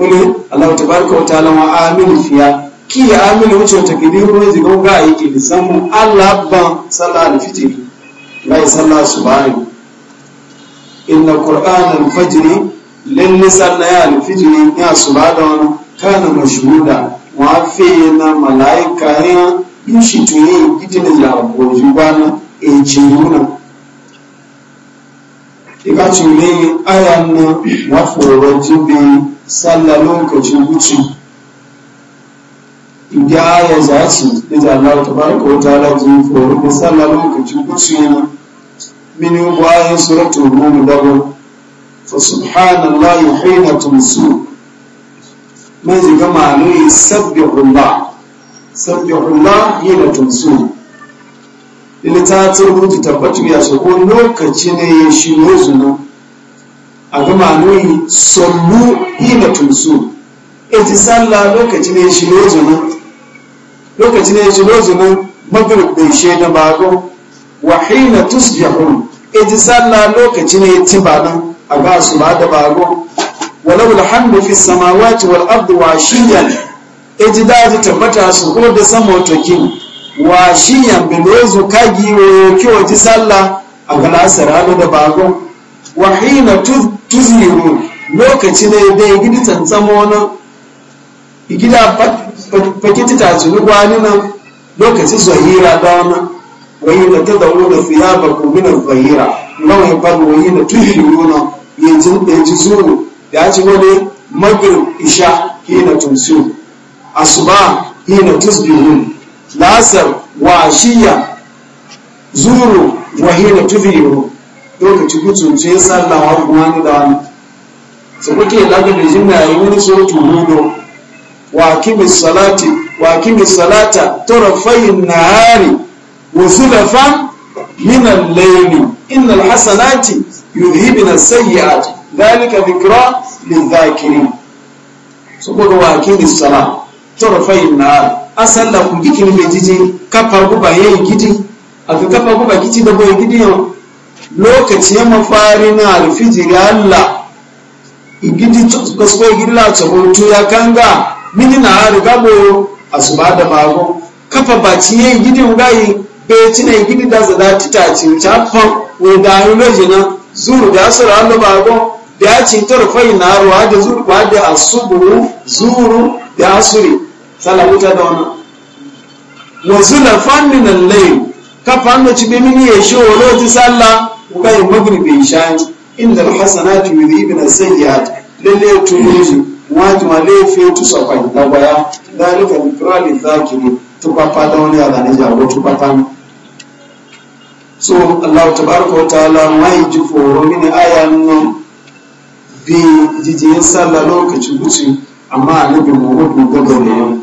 wani Allah ta baraka wa ta'ala wa aminu fiya ki ya aminu wuce wata gidi ruwan zigon ga aiki da samun Allah ban sallah da fitiri mai sallah su bayan inna qur'an al-fajr lalle sallah ya al-fijr ya su ba da wani kana mashhuda wa fi na malaika ya yushi tuyi gidan ya goji bana e jiruna ikachi ne ayan na wafuro jibi sallah lokaci wuce idan ya zaci idan Allah tabaraka wa ta'ala ji foro da sallah lokaci wuce ne mini bayan suratun rumu dabo fa subhanallah hina tumsu mai ji gama ne sabbi sabbihullah hina tumsu ina ta tsuru ta tabbatu ya shi ko lokaci ne ya shi ne zuwa a gama noyi sallu hina tumsu eti sallah lokacin ne shi lozo Lokacin ne shi lozo magrib bai she da bago wa hina tusbihun eti sallah lokacin ne tiba na, a ga su ba da bago walau alhamdu fi samawati wal ardi wa shiyan eti daji tabbata su ko da tokin wa shiyan bi kagi wo kiwo ti sallah a galasara da bago wa hina tuzhiru lokaci ne da igidi tsantsamo wani igida fakiti ta ci gwani nan lokaci zahira da wani wani da ta zaune da fiya ba kuminan zahira nauyin ban wani da tuzhiru nan yanzu da yanzu zuru ya ci wani magrib isha hina tumsu asuba hina tuzbihu lasar wa shiya zuru wa hina tuzhiru lokaci kutunce sallah kuma hannu da wani. su kuke lagu da jina yi wani sotu hudu wa kimi salati wa kimi salata tarafayin nahari wa zulafan min al-layli inna al-hasanati yudhibna as-sayyi'at dhalika dhikra lidh-dhakirin so ko wa kimi salat tarafayin nahari asalla ku gikin mejiji kafa guba yayi gidi aka kafa guba gidi da boye gidi yau lokaci ya mafari na alfijiri Allah igidi kasko igidi la tsoronto ya kanga mini na haru gabo asuba da mago kafa baci ya igidi ugayi beci na igidi da zada tita ci ta fa wo da ru lejina zuru da asara Allah bago da ci tarfai na ruwa da zuru ba da asubu zuru da asuri salamu ta da wannan wa zulafan min al-layl kafa an ci bi mini ya shi wo loti sallah bai magribi ishan inda alhasanatu yudhibna sayyi'at lalle tunuzu watu walefe tusakwai dagwaya dhalika dhikra lidhakirin tukapada wani adhanija ko tukapana so allah tabaraka wa ta'ala mai ji foro mini aya nan bi jijiyin sallah lokaci guci amma annabi muhammad gaba ne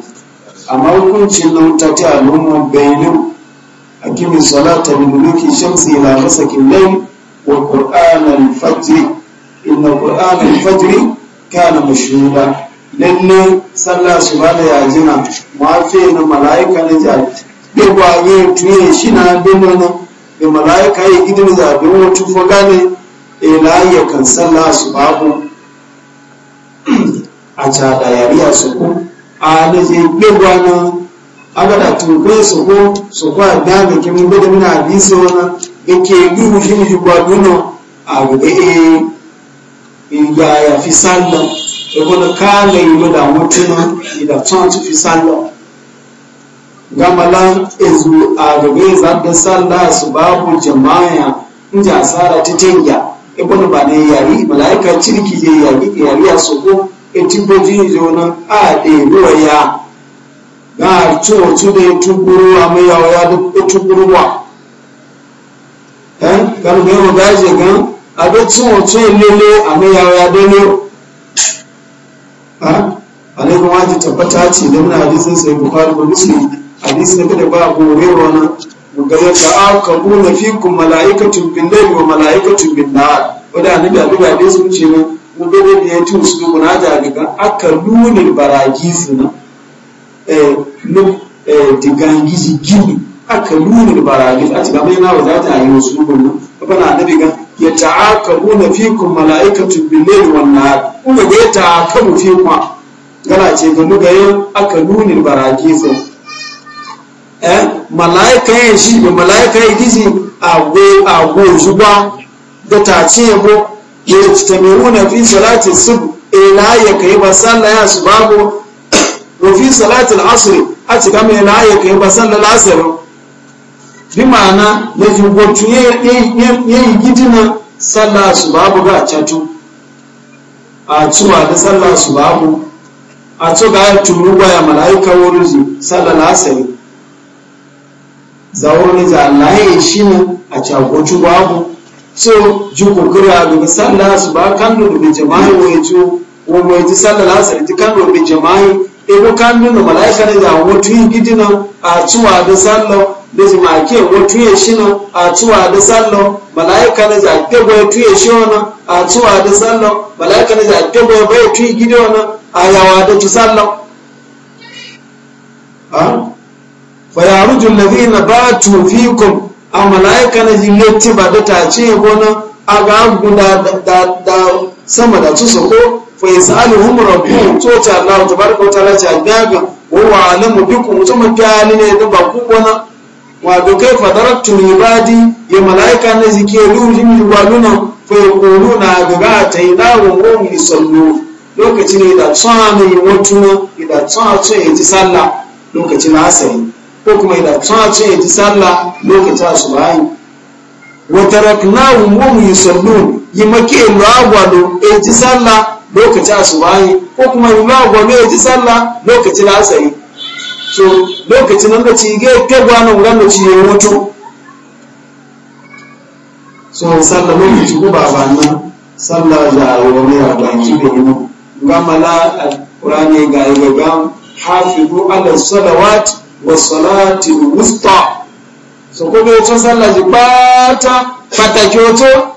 amma hukuncin nan ta ta al'umma bayanin أقم الصلاة لدلوك الشمس إلى غسق الليل وقرآن الفجر إن قرآن الفجر كان مشهودا لأن صلى سبحانه يا جنا ما فينا ملائكة نجال بيبواني تنيه شنا بمنا بملائكة يجدن ذا بمو تفقاني إلا يكن صلى سبحانه أجاد يريا سكون آنجي بيبوانا agada tunkwe soko soko adaga ke mun bada muna hadisi wana yake duhu shi mu kwa duno a ga eh ya ya fi sallah e kono kana yimo da mutuna ida tsantu fi sallah gamala ezu a gabe zadda sallah su babu jama'a inja asara ta tenya e kono ba ne yari malaika cirki je yari yari a soko e tibbo jini jona a de ruwa ya ga ci otu da ya guru a mai yawa ya duk otu guru wa ɗan ƙarfi yau da ya gan a duk cin otu lele a mai yawa ya dole a alaikun wajen tabbata ce da muna hadisin sai bukari ko muslim hadisin da ba a gobe wani na da a aka na fi kun mala'ikatun bin lai wa mala'ikatun bin na wadda a nuna duk dai sun ce na mu bebe da ya tu su duk na jaga aka lunin baragi su digangiji eh, eh, gini aka nuna baragis a cikin bayan nawa za ta yi wasu gudun bana na ga ya ta'akabu na fikum mala'ikatu bil-layli wan-nahar kuma ga ya ta'akabu fikum gana ce ga muga yin aka nuna baragis eh mala'ika yin shi da mala'ika yin gizi a ago zuba da ta ce mu ya tamiruna fi salati sub ila eh, ya kai ba su ya subago rufi salatul asiri a cika mai laye ka yi basan da lasari bi ma'ana ya fi gotu ya yi gidina salla su babu ga cato a cuwa da salla su babu a cu ga tumuru baya mala'ika wuri su salla lasari zaune za laye shi ne a cakotu babu so ji kokiri a dubi salla su ba kan dubi jama'i wani ci ko mai ji salla lasari ji kan da jama'i ebo kandu no malaika ne da wotu gidi no a tuwa da sallo da jimake wotu ya shi no a tuwa da sallo malaika ne da tebo wotu ya shi no a tuwa da sallo malaika ne ya tebo wotu gidi no a yawa da tu sallo ha fa yaruju alladhina batu fikum a malaika ne jilati ba da ta ce gona a ga guda da da sama da su soko fa yasaluhum rabbuhum to ta Allah tabaraka wa ta'ala ta daga wa wa alamu bikum to mun gani ne da ba ku bona wa do kai fa daraktu ibadi ya malaika ne zike ruhi min waluna fa yaquluna gaga ta idawu hum yusallu lokacin ne da tsani wato da tsatsu ya ji sallah lokacin asali ko kuma idan da tsatsu ya ji sallah lokacin asubahi wa taraknahum hum yusallun yi make lagwado e ji sallah lokacin asubahi ko kuma yi lagwado e ji sallah lokacin asari so lokacin nan da ci ga ke gwanon ran da ci ya mutu so sallah lokacin ku ba ba nan sallah da wani abin ki da yi gamala alqur'ani ga ga gam hafizu ala salawat wa salati wusta so ko ga sallah ji bata pataki wato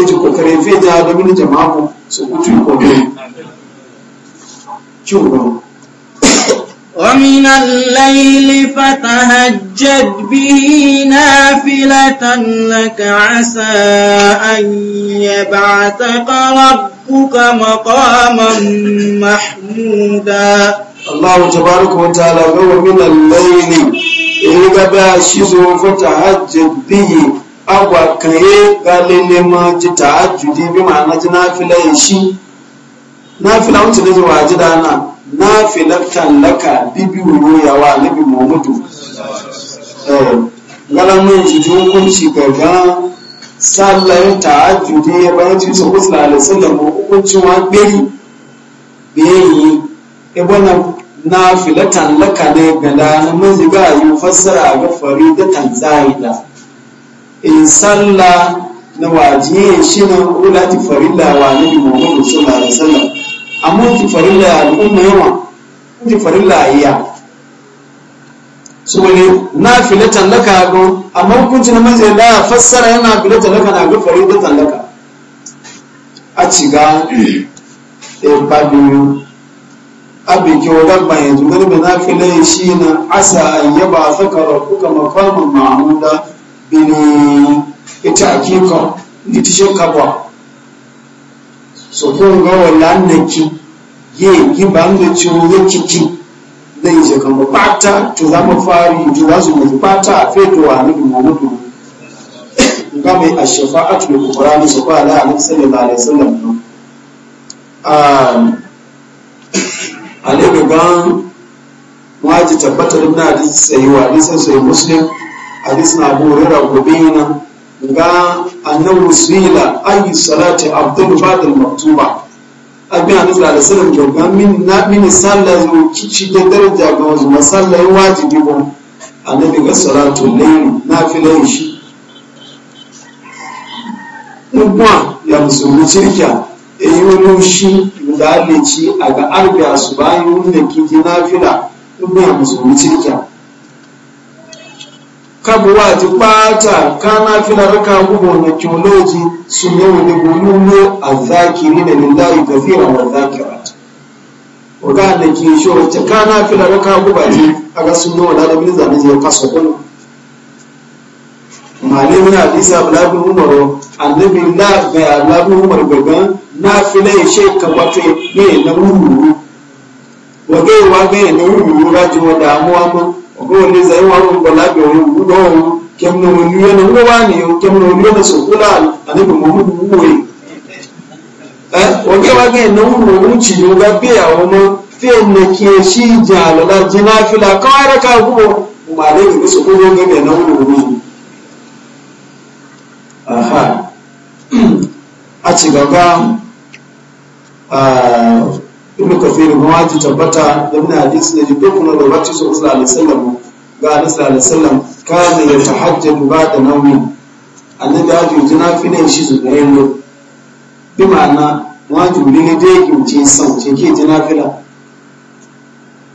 e ci kokare fi ja da mini jama'u so ku ci ko ne chuwa wa min al-layl fatahajjad bihi nafilatan laka asa an yab'ataka rabbuka maqaman mahmuda Allah tabaaraka wa ta'ala wa min al-layl إذا بأشيزه فتحجد به agwa ga lele ma ji tahajjudi bi ma'ana ji nafila yin shi nafila wuce da jawa ji na nafila tallaka bibi wuro wa nabi muhammadu eh, galamin shi ji hukunci gaga sallayin tahajjudi ya bayan ji su kusa da sallam hukunci wa gberi da ebe na ibana nafila tallaka ne ga dana mazi ziga yi fassara ga da tanzania in sallah na wajiye shi na wula ti farilla wa nabi muhammadu sallallahu alaihi wasallam amma ti farilla ya al'umma yawa ti farilla ya so ne na filatan laka go amma hukunci na manzai da fassara yana filatan laka na ga faridatan laka a ciga e eh, babu abiki wa dabba yanzu garba na filan shi na asa an yaba saka rabbuka maqaman ma'muda bini ita akiko ni ti ṣe kabọ sọkún rọrọ lánàkí yé gíba ń lè tí oró kíkí lẹyìn ìṣẹ̀kan bọ̀ pátá tó lámọ́ fárí mọ̀ pátá àfẹ́tò wà níbi mọ̀mọ́dún nígbà àṣẹfà àtúnlẹ̀ na abu hurairah gobe yana ga annabi suila ayi salati abdul fadil maktuba an annabi da sallam joga min na min sallah zo kici da daraja ga wasu masallah wajibi ko annabi ga salatu layl nafilan shi kuma ya musulmi cirkiya e yi wani shi da alici a ga arbiya su bayan wanda kiji nafila kuma ya musulmi cirkiya kabuwa ti ɓata kana fila raka gubo na kyoloji su ne wani gululo a zakiri da wa zakira waga da ke kana fila raka guba ji a ga sun yawa da bin zane je kaso kuma malin na hadisa bulabin umaru annabi na ga alabin umar na fila ya she ka wato ne na wuru na wa damuwa ogo wani zai wa ko la be wani gudo kem no wani yana ngo wani kem no wani yana so kula ani be mu mu we eh oge wa ge no mu mu chi yo ga be mo fe ne ki shi ja la jina fila ka ra ka ku ma le ni so ko ge be no mu mu aha a ci ah ibn kafir muwaji ji tabbata da muna hadisi ne duk kuma da wacce su sallallahu alaihi wasallam ga annabi sallallahu alaihi wasallam kana yatahajjadu ba'da nawmi annabi ya ji jina fine shi su da yallo bi ma'ana wajibi ne da yake ce san ce ke jina fila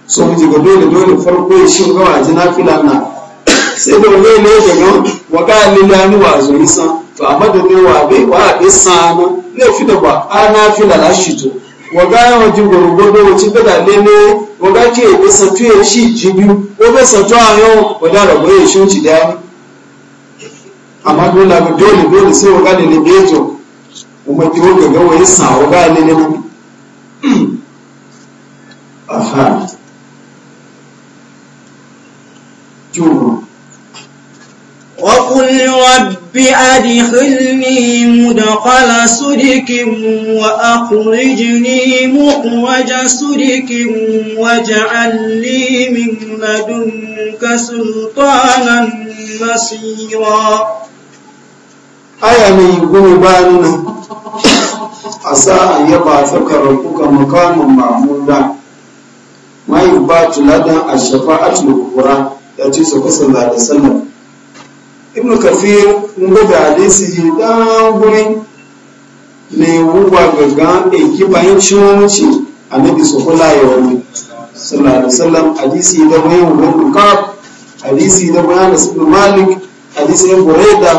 so mu ji ga dole dole farko shi ga wa jina fila na sai da wani ne ga nan wa ga ni wa zo nisan to amma da ne wa bai wa bai sana ne fi da ba ana fila la shi to wọ̀gá ọjọ́ gbogbo tí bẹ́gà lélé wọ̀gá kí èdè sọ̀tún èyí sì jí bí ó bẹ́ sọ̀tún àárín ọ̀dà rẹ̀ bóyá ti dá ní. àmàdó làbí sí wọ̀gá lélé bí ọmọ tí ó gẹ̀gẹ́ wọ̀nyí sàn wọ̀gá lélé mú. kí رب أدخلني مدخل صدق وأخرجني مخرج صدق واجعل لي من لدنك سلطانا نصيرا aya mai goma bayan nan a sa a yaba tsakar kuka makamin mamuda mai ba tuladan a shafa'atul kubra ya su kusa ibnu kafir ngo da hadisi ji dan gurin ne wuwa gaga e kibayin cimanci annabi su kula ya wani sallallahu alaihi wasallam hadisi da mai wurin kaf hadisi da bayan ibn malik hadisi ne bureda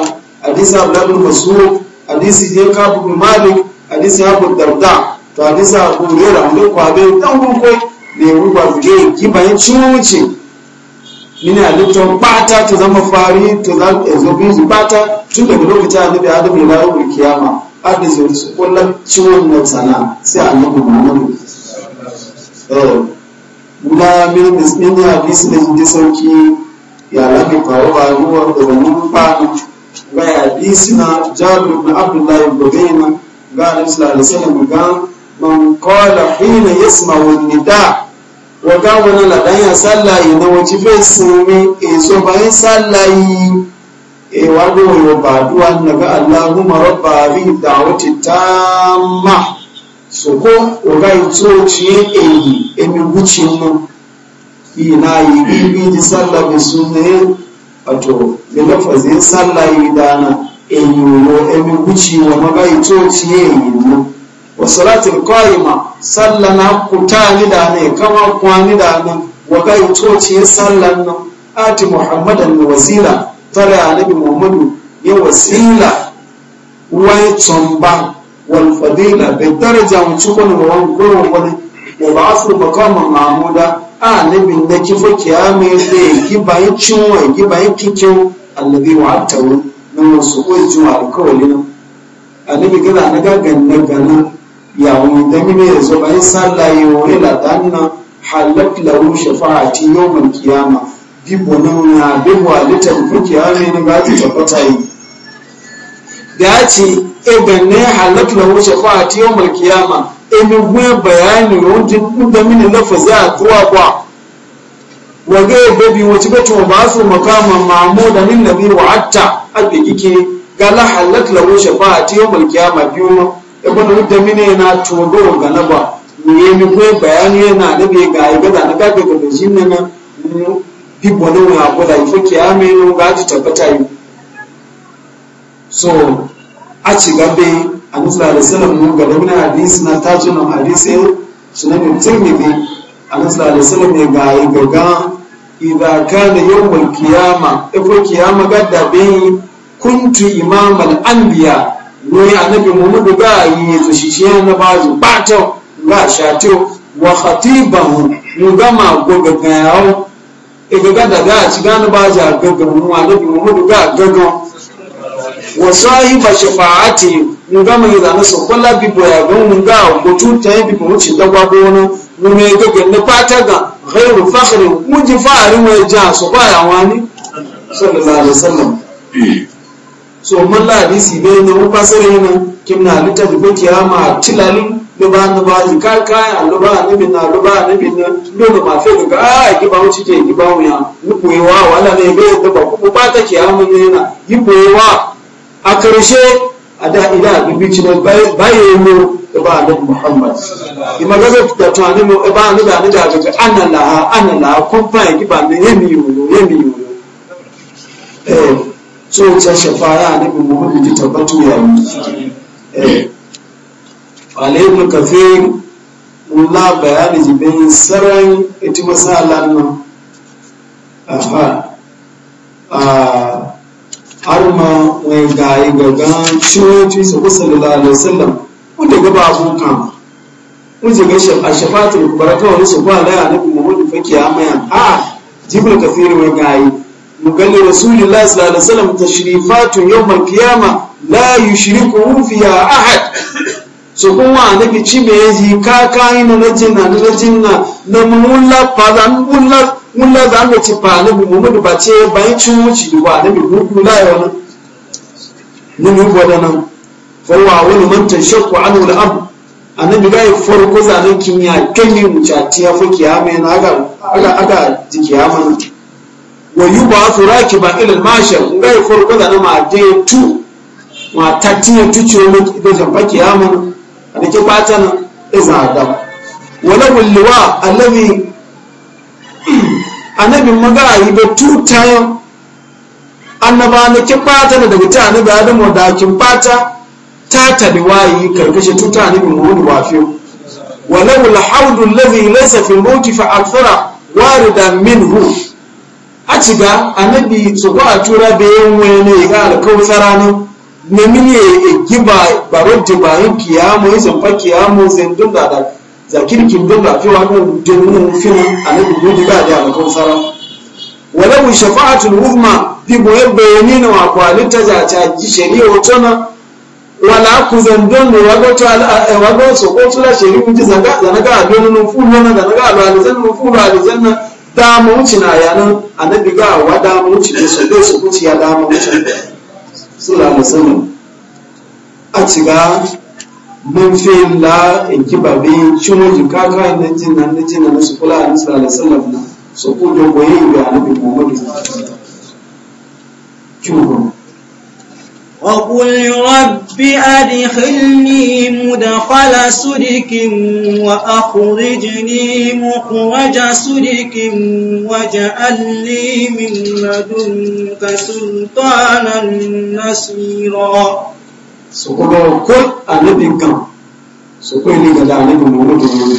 hadisi abdullah bin mas'ud hadisi je kaf ibn malik hadisi abu darda to hadisi abu hurairah mun ko abin dan gurin ne wuwa gaga e kibayin cimanci mini halittar bata ta zama fari ta zobe su bata tun daga lokacin annabi adam ya rayu bil kiyama har da zai su kullum ciwon nan sana sai annabi muhammadu eh, guda min disnin ya bi su da jinde sauki ya lafi faru ba ruwa da wani bani ga ya bi su na jaru na abdullahi bugaina ga alaihi sallallahu alaihi wasallam ga man qala hina wani nida' wọ́gá wọn náà làdáyà sálàyé náà wọ́n ti fẹ́ sinmi èso báyìí sálàyé ìwádìí òyìnbó bàdúrà nàbẹ́ aláhùnmọ́rọ́ bàbí ìdáwọ́ ti tá a mà sòkó wọ́gá ìtú yi èyí ẹni wúchi nù yìí ne yìí bí ti sálàyé sunni àtò lẹ́lẹ́fọ̀sí sálàyé dáná èyí wọ́ ẹni wa salatul qaima sallana na kutani da ne kama kwani da nan wa kai yutoci sallan nan ati muhammadan wasila tare annabi muhammadu ya wasila wai tsomba wal fadila bi daraja mutukun wa gurbin wani wa ba'athu maqaman mahmuda annabi na kifo kiyame da wa kiba yikin annabi wa wa'atahu nan su ko jiwa alkawalin annabi gida na gagan na gana yawon dangi mai yanzu bayan sallaye wani ladani na halaklahu shafa'ati yawmal kiyama bibo nan na bibo alitan ku kiyame ne ba ta tabbata yi da ya ce e ganne halaklahu shafa'ati yawmal kiyama e mi gwe bayani wanda kunda mini lafazi a tuwa kwa wage babi wace bace wa basu makaman mahmuda min nabi wa hatta abiki gala halaklahu shafa'ati yawmal kiyama biyo ibn mutamine na togo ga na ba ni ye mi ko bayani yana da be ga ga gaza. na ka be ko shin na bi bono ya ko da ifo kiyame no ga ji tabbata yi so a ci gabe annabi sallallahu alaihi wasallam mu ga da hadisi na tajo na hadisi sunan tirmidhi annabi sallallahu alaihi wasallam ya ga ga ga idza kana yawmul qiyama ifo kiyama gadda be kuntu imamal anbiya lórí anábì muhammadu bá yìí ètò ṣiṣẹ́ lọ́ba àjò pátọ́ bá ṣàtì ó wàhátì ìbàwọ̀n ló bá máa gbọ́ gàngàn ẹ̀ ọ́ dàgbà àti gánà bá àjà gàngàn mú anábì muhammadu bá gàngàn wọ́n sọ ìbà ṣẹ̀fà àti ló bá máa yìí lànà sọ̀kọ́ lábì bọ̀yà gan mú jí fáàrí wọn so mun la hadisi be ne mu fasare ne kim na lita bi kiyama tilalin no ba no ba ji ka ka allo ba ne bin allo ba ne bin no no ma fe ga a ah, ki ba mu ci ke ki ba mu ya mu koyi wa wala ne be da ba ku ba ta kiyama ne na yi koyi wa a karshe a da ila bibi ci ba baye mu ba da muhammad ima ga da tani mu ba ni da ni da ga anna laha anna laha kun fa ki ba ne yemi yo yemi yo eh so ta shafaya ne bin muhammadu ta tabbatu ya yi eh alaibul kafir mula bayani jibin saran ita masalan nan aha ah, har ma wai gayi gaga ciwoci su kusa da lalai sallam wanda gaba abokan wuce ga shafatul baraka wani su ba da ya nabi muhammadu fakiya mayan a jibin kafir mai gayi وقال رسول الله صلى الله عليه وسلم تشريفات يوم القيامة لا يشركه فيها أحد سكون أنك تشمعي كاكاين نجينا نجينا نمولا قدام مولا مولا دعنا نبي بمومد باتي باين تشوشي دوانا لا يونا نمو بدنا فهو أول من تنشق عنه الأمر annabi ga ya farko zanen kimiyya kan yi mucati ya fi kiyama yana aga aga wa yi ba su raki ba ilil mashal ngai farko da nama de tu ma tatiya tuce mu da jamba kiyamu da ke bata nan magayi ba tuta annaba na ke bata da daga ta annabi adam da kin bata ta wayi karkashin tuta laysa akthara minhu a ci ga annabi su ba a tura da yin wani ga alkawusara ne na mini ya giba baron jibayin kiyamu ya zamba kiyamu zindun da da zakin kindun da fi wani domin fin annabi gudu ba da alkawusara walau shafa'atul uzma bi boye bayani na wakwalin ta zaca ji shari'a hotuna wala ku zandon ne wagoto wagoto ko tula shari'a ji zanga zanga a donin fulona da naga alwalizan fulalizan na dama wuce na yanan annabi ga wa dama da su dai su kuci ya dama wuce sura musamman a ciga mun fi la in ki babe cin jika kai nan jin nan nan jin nan su kula a sallallahu da wasallam na so ko goyi ga annabi Muhammad kin وقل رب أدخلني مدخل سدك وأخرجني مخرج سدك واجعل لي من لدنك سلطانا نصيرا سكبر كل أنبكم سكبر لك أنبكم مولدهم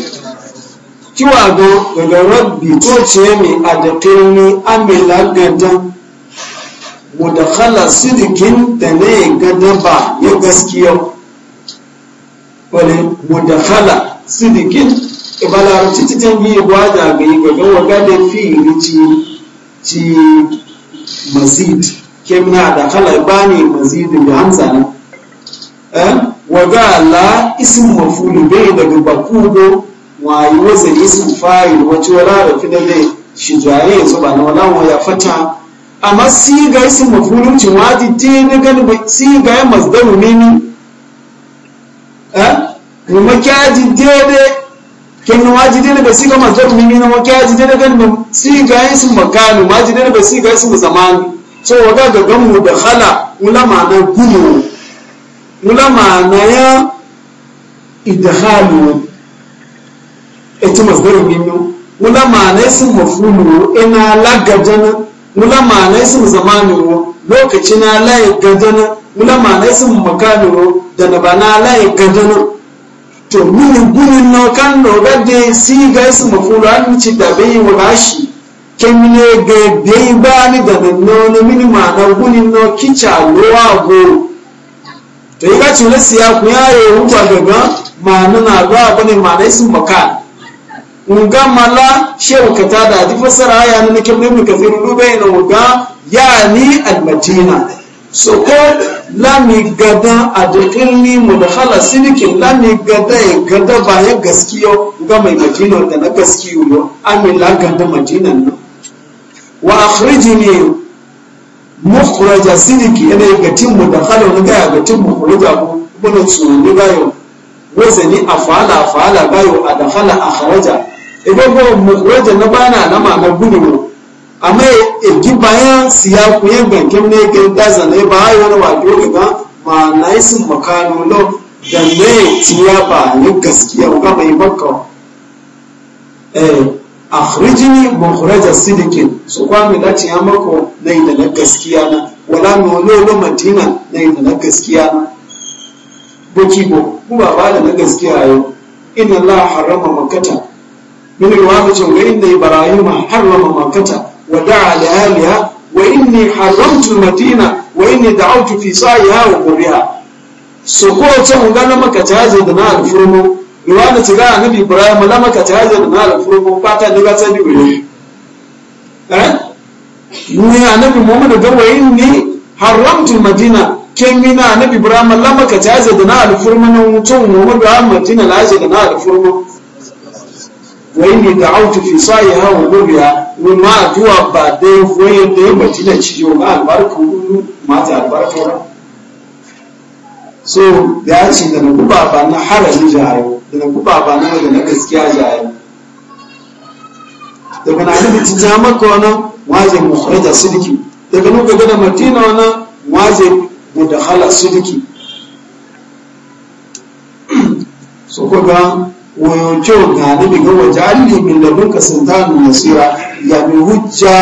kiwa ga daga rabbi to ce mai a da ƙirni amila gadan mudakhala sidikin da ne ga ba ya gaskiya wani mudakhala sidikin ibalar tititin yi gwada ga yi gaban waga da fi'ili ci ci mazid kemna da khala bani mazid da hamza ne eh waga la ism bai daga bakugo wayi wazin ism fa'il wace wala da fidale shi yanzu ba na wala ya fata amma siga yi su mafulunci waji na gani ba siga ya masdaru ne ni eh makiyaji daidai kenan waji daidai ba siga masdaru ne ni na gani ba su waji daidai ba siga su zamani so waga ga gamu da hala mula ma'ana gudu ya idhalu etu masdaru ne ni mula ma'ana su ina lagajana mula ma'ana sun zamani wo lokaci na layi gadana mula ma'ana sun makani wo da na bana layi gadana to mini gumin na kan no gadde si ga su mafulu an ci da bai wa bashi kemine ga bai ba ni da no no mini ma'ana gumin na kicha ruwa go to yi ga ci na siya ku yayo wuta daga ma'ana na ba bane ma'ana sun makani nga mala shehu kata da ji fassara aya ne nake ibn kathir dubai na wuga yani almadina so ko lami gada adkhilni mudkhala sidikin lami gada ya e gada ba ya gaskiyo ga mai madina da na gaskiyo yo amila gada madina nan wa akhrijni mukhraja sidiki yana ga tin mudkhala ne ga ga tin mukhraja ko bana tsoro ga yau wose ni afala afala bayo adakhala akhraja ebe bo mukhraja na bana na ma na guduro amma e gibaya siya ku ye gankem ne ke daza ne ba ayo na wato ga ma na makano lo da ne tiya ba ne gaskiya ga mai bakka eh akhrijni mukhraja sidikin su kwa mi ya mako nai da na gaskiya na wala no lo madina nai da na gaskiya na bacci ko kuma ba da na gaskiya yau inna la harama makata min riwayatin wa inna ibrahima harama makata wa da'a li ahliha wa inni haramtu madina wa inni da'awtu fi sa'iha wa quriha so ko ce mun gana makata zai da na alfurmo riwaya ta ga annabi ibrahim na makata ya da na alfurmo fata ne ga bi wuri eh ni annabi muhammad da wa inni haramtu madina kemina na ibrahim lamaka ka ta da na alfurma na mutum wa mabi ahmadin na zaga na alfurma wa inni da'awtu fi sa'iha wa lubiya wa ma duwa ba dai wayin da ya bace da ciyo ma albarka kullu ma ta albarka so da ya ce da na guba ba na harami jayo da na guba ba na da na gaskiya jayo daga na da ta maka wannan waje da sidiki daga nuka ga da madina wannan waje mudakhala sidiki sokoga wayocho ga nabi ga wajalili min ladunka sultanun nasira ya bi hujja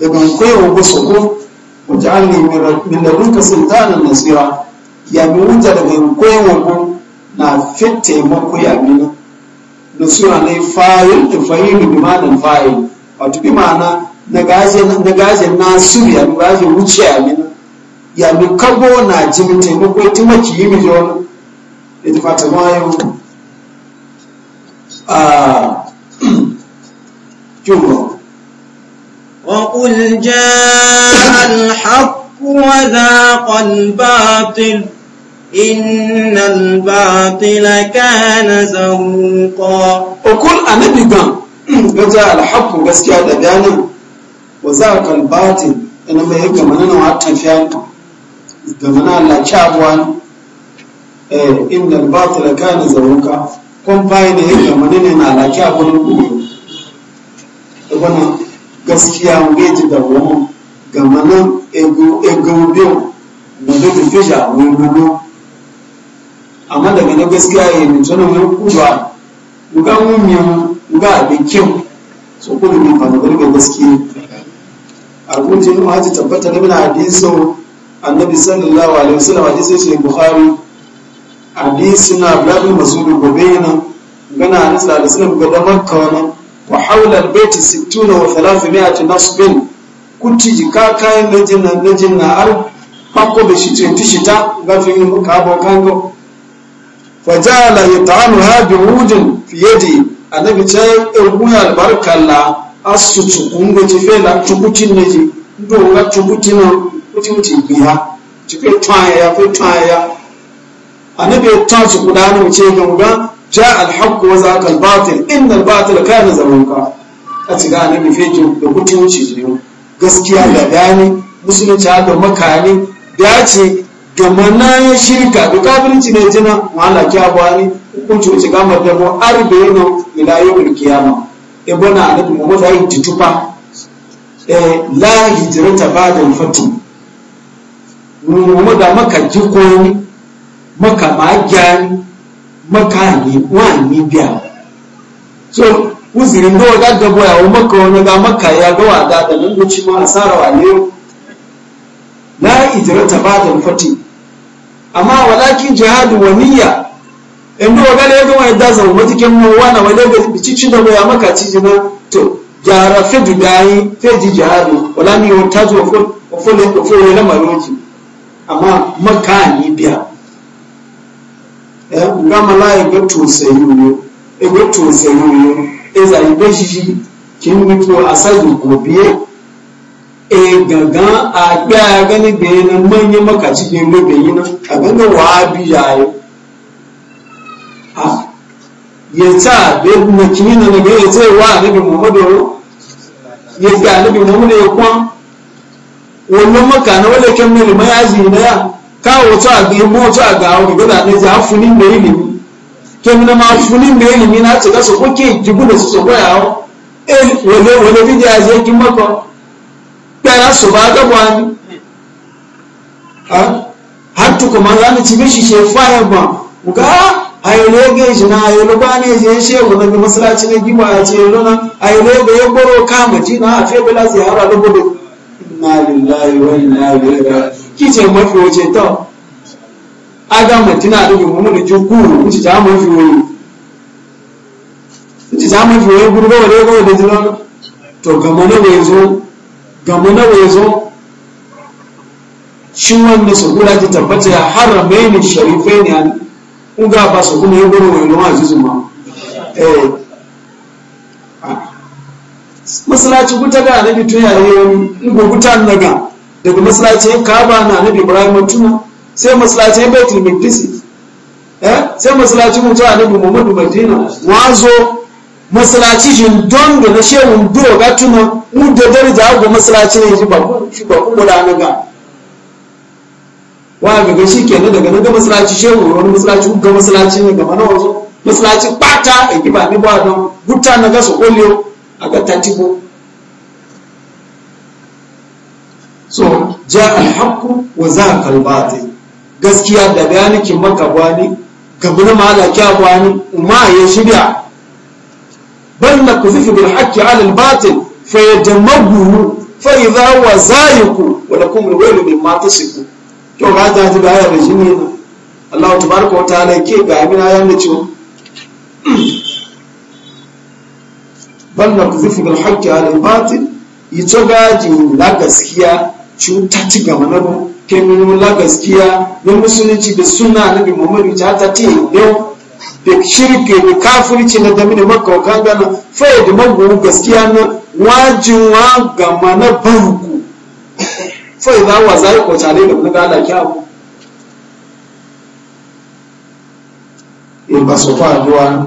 daga koyo ko soko wajalili min ladunka sultanun nasira ya bi hujja daga koyo ko na fitte mako ya bi nasira ne fa'il fa'il bi ma'anan fa'il wato bi ma'ana na gajin na su ya mi gajin wuce yami mi yami kabo na ji taimako ita maki yi mi ji ita da ta fata yau a kyuwa وقل جاء الحق وذاق الباطل إن الباطل كان wa za ka batin ina mai yake mana na watan fiyan ga mana Allah chabuwa eh inda al-batil kana zauka kun bai ne yake mana ne na Allah chabuwa wannan gaskiya ngeji da wani ga mana ego ego biyu da duk fisha wani gudu amma daga na gaskiya ya yi tsoro ne kuwa ga mun yi ga abin kyau so kudu ne fa da gaskiya abuja ma hajji tabbata na muna hadisin annabi sallallahu alaihi wasallam hadisi ce bukhari hadisi na abdullahi masudu gobeyinan gana hadisi da sunan gada makka wannan wa haula albayti 60 wa 300 nasbin kuti jika kayan najin na najin na ar pakko be shi tenti shita gafi mu ka bo kango fa jala yata'amu hadu wudin fi yadi annabi ce egun albarkalla asutu kungo chifela chukuchi neji ndo nga chukuchi na kuti kuti biya chikwe twaya ya kwe ya anabi tasu kudani mu ce ga muga ja al haqq wa za al batil inna al batil kana zamuka a ciga anabi feji da kuti wuce ne gaskiya da gani musulunci da makani da ce ya manayin shirka da kafirci ne jina wala kyawa ne hukunci wuce gamar da mu arba'ina ila yawmil qiyamah ibona annabi muhammad ya yi titufa eh la hijrata ba'da al-fath muhammad maka jiko ni maka ma gyan maka ni wa ni biya so uzirin da waga da boya wa maka wani ga maka ya ga waga da nan guci ma asara wa ne la hijrata ba'da al-fath amma walakin jihadu wa niyya inda wa gane yaga wani da zama wata kyan mawa na wani daga bicici da waya maka ciji na to gyara fe dudayi fe ji jihari wala ni wani tazo ofole na maroji amma maka ni biya eh, nga mala ega toseri oyo ega toseri oyo eza ibe shishi kinwito asaji gobiye e gangan agbe aga ni gbe na manya makaci gbe na yina aganga wa biya yi. ya ta da makini na daga ya ce wa annabi muhammadu ya ga annabi muhammadu ya kwan wannan maka na wale kan mai mai aji na ya kawo to a ga mu to a ga wani gada ne za funin da ilimi to mun ma funin da ilimi na ce kaso kuke jibu da su so koya el wale wale bi ya je kin maka kana su ba ga wani ha har to kuma za mu ci bishi shefa ba ga ayi loge shi na ayi lugba ne je shehu na bi masallaci na giba a ce lona ayi loge ya goro kama ji na a fe bala ziyara lugudu inna lillahi wa inna ilaihi raji'un ce mafi wace ta aga matina da muhammadu jukuru kice ta mafi wani kice ta mafi wani gurbe wa ne gurbe da lona to gama na bai zo gama na bai zo shi wanda su kula ta tabbata ya haramaini sharifai ne nga ba su kuma yin gudun wani wa jizu ma eh masalaci guta ga annabi tun yayi yi ngo guta naga daga masalaci kaba na annabi ibrahim tuna sai masalaci baitul maqdis eh sai masalaci mutu annabi muhammadu madina wazo masalaci jin don da na shehun do ga tuna mu da daraja ga masalaci ne shi ba shi ba kuma da naga wa ga shi kenan daga nan ga shehu wani masallaci ga masallaci ne gaba na wazo masallaci kwata a kiba ni ba don guta na gasa oliyo a ga tatibo so ja alhaqqu wa zaqa gaskiya da bayanikin maka bani gaba na mala kya bani umma ya shirya bal nakfifu bil haqqi ala albatil fayadamaghu fa idha wa zaiqu wa lakum alwaylu mimma tasifu yau ga ta ji baya da jini na Allah tabaraka wa ta'ala ke ga amina ya mace ban na kuzifu bil a al yi yito gaji lagaskiya gaskiya cuta ci gama na ba ke nuna lagaskiya gaskiya musulunci da suna na Muhammadu ta ta ce yau da shirke da kafirci na damini makka wa kagana da gaskiya na wajinwa wa gama na barku fa idza wa zaiqu tale da kuma Allah ki abu in ba su fa duwa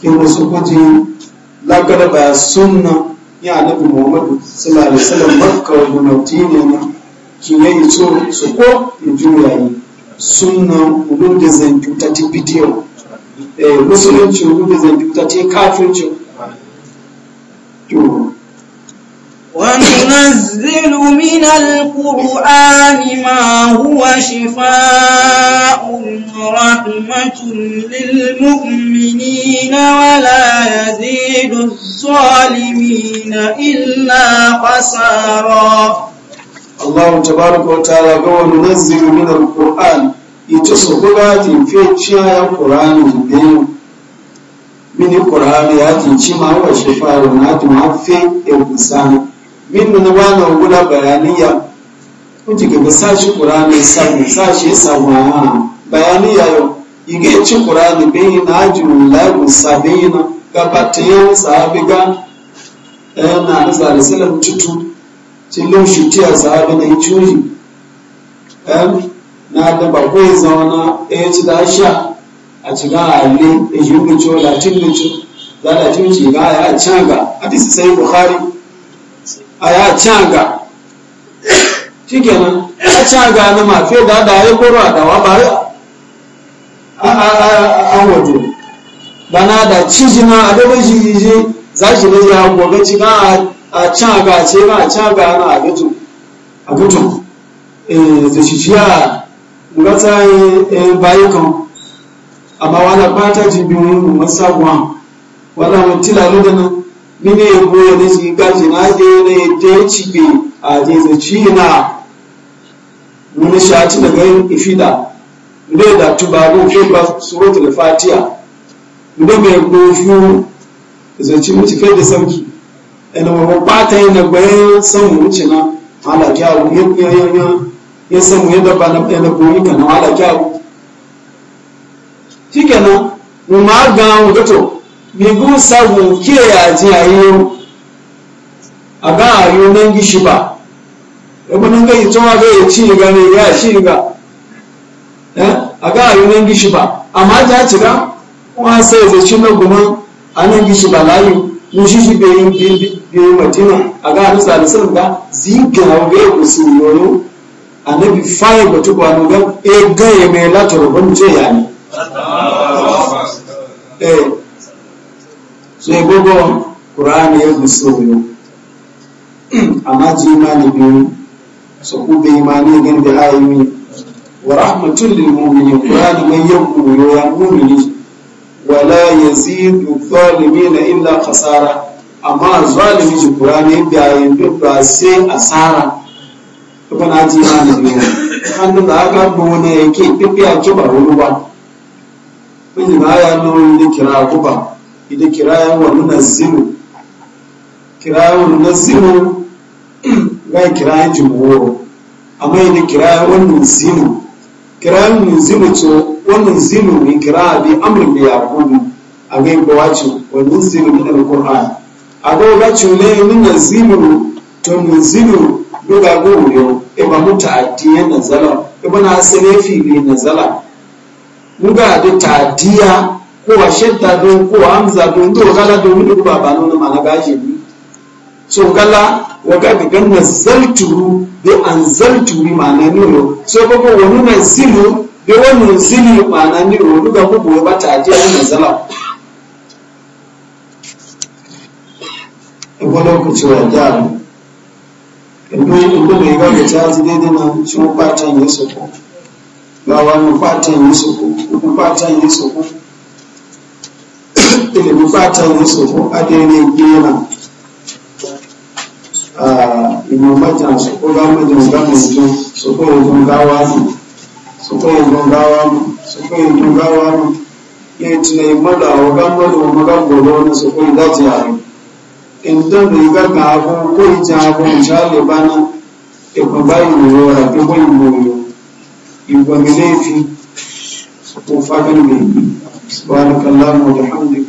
ki musu kuji lakada ba sunna ya annabi Muhammad sallallahu alaihi wasallam makka wa madina na kiyayi so su ko in juya yi sunna udu da zan tuta ti bidiyo eh musulunci udu da zan tuta ti kafirci to ننزل من القرآن ما هو شفاء ورحمة للمؤمنين ولا يزيد الظالمين إلا خسارا الله تبارك وتعالى قال ننزل من القرآن يتسقط في شيء القرآن البيت mini kurani ya cinci ma wa shifaru na tuma fi min na bana guda bayaniya sa kuci ga sashi sa shi sashi sabu bayaniya yo ige ci qur'ani bai na jumla sabina gabatayen sahabiga na eh, nasa da silam tutu cilin shutiya sahabi da curi eh, na da bakwai zauna ya eh, ci da sha a cikin ali da yi wuce da cin da za da cin ci ga ya canga hadisi sai bukhari a ya caga shi kenan a caga na mafi da da ya koro a dawa ba a a a a waje bana da cijina a daga jijiji za shi da ya gobe cikin a caga ce ba a canga na a gutun a gutun eh, shi ciciya gata eh, bayukan amma wani ba ta jibin wani masaguwa wani mutila da nan mine yabo ne shi gashi na je ne je cibe a je ci na mun shati daga ifida ndo da tuba go ke ba suratul fatiha fatiya me go shu za ci mu ci fe da sauki ina mu ba ta yin gbayin san mu ci na ala kyawu ya ya ya ya yadda ba na ina go yi kana ala kyawu shikenan mu ma ga mu to migu sabu kiye ya ji ayo aga ayo nan gishi ba yabo nan ga ito aga ya ci ga ne ya shi eh aga ayo nan gishi ba amma ta ci ga wa sai sa shi na guma anan gishi layu mun shi shi bayin bayin matina aga an sa da sun ga ziga ga ku su yoro annabi fayi batu ba latoro ban ce ya e eh so gbogbo ƙura'ani ya guso yau amma ji imani biyu su kube imani gan da ayimi wa rahmatun lil mu'minin ƙura'ani mai yau koyo ya mu'mini wala yazidu zalimina illa khasara amma zalimi ji ƙura'ani da ayimi ba sai asara kuma na ji imani biyu hannu da aka bone yake pipi a ruwa mun yi baya nan kira kuba ita kiraya wa nunazzilu kiraya wa nunazzilu ga kiraya jumhuru amma ita kiraya wa nunzilu kiraya nunzilu to wa nunzilu ni kira bi amrin da yaqubu a ga ko wace wa nunzilu min alquran a ga ga cule nunzilu to nunzilu duga go yo e ba muta'addiyan nazala e bana asalafi ne nazala muga da ta'diya ko wa shadda don ko wa hamza don do gala don duk ba ba nuna mana gaji ni so kala wa ga ga ganna zalturu bi an zalturi mana ni ro so ba ko wa nuna zilu bi wa nuna zilu mana ni ro duka ko ba ta je nuna zala ko lokaci wa jaru indo indo bai ga ga ta daidai na shi ko fatan yi soko ga wani fatan yi soko ko fatan yi soko ilimin fatan musu ko adini gina a imamatan su ko gamajan gamajan su ko yanzu gawa mu su ko yanzu gawa mu su ko yanzu gawa mu ya ci na yi mada wa gamar wa magagoro wani su ko yanzu ta yaro inda da yi gaga abu ko yi ta abu misali bana ikon bayan yiwuwa ya fi bayan yiwuwa laifi. بليفي وفاقر به سبحانك اللهم وبحمدك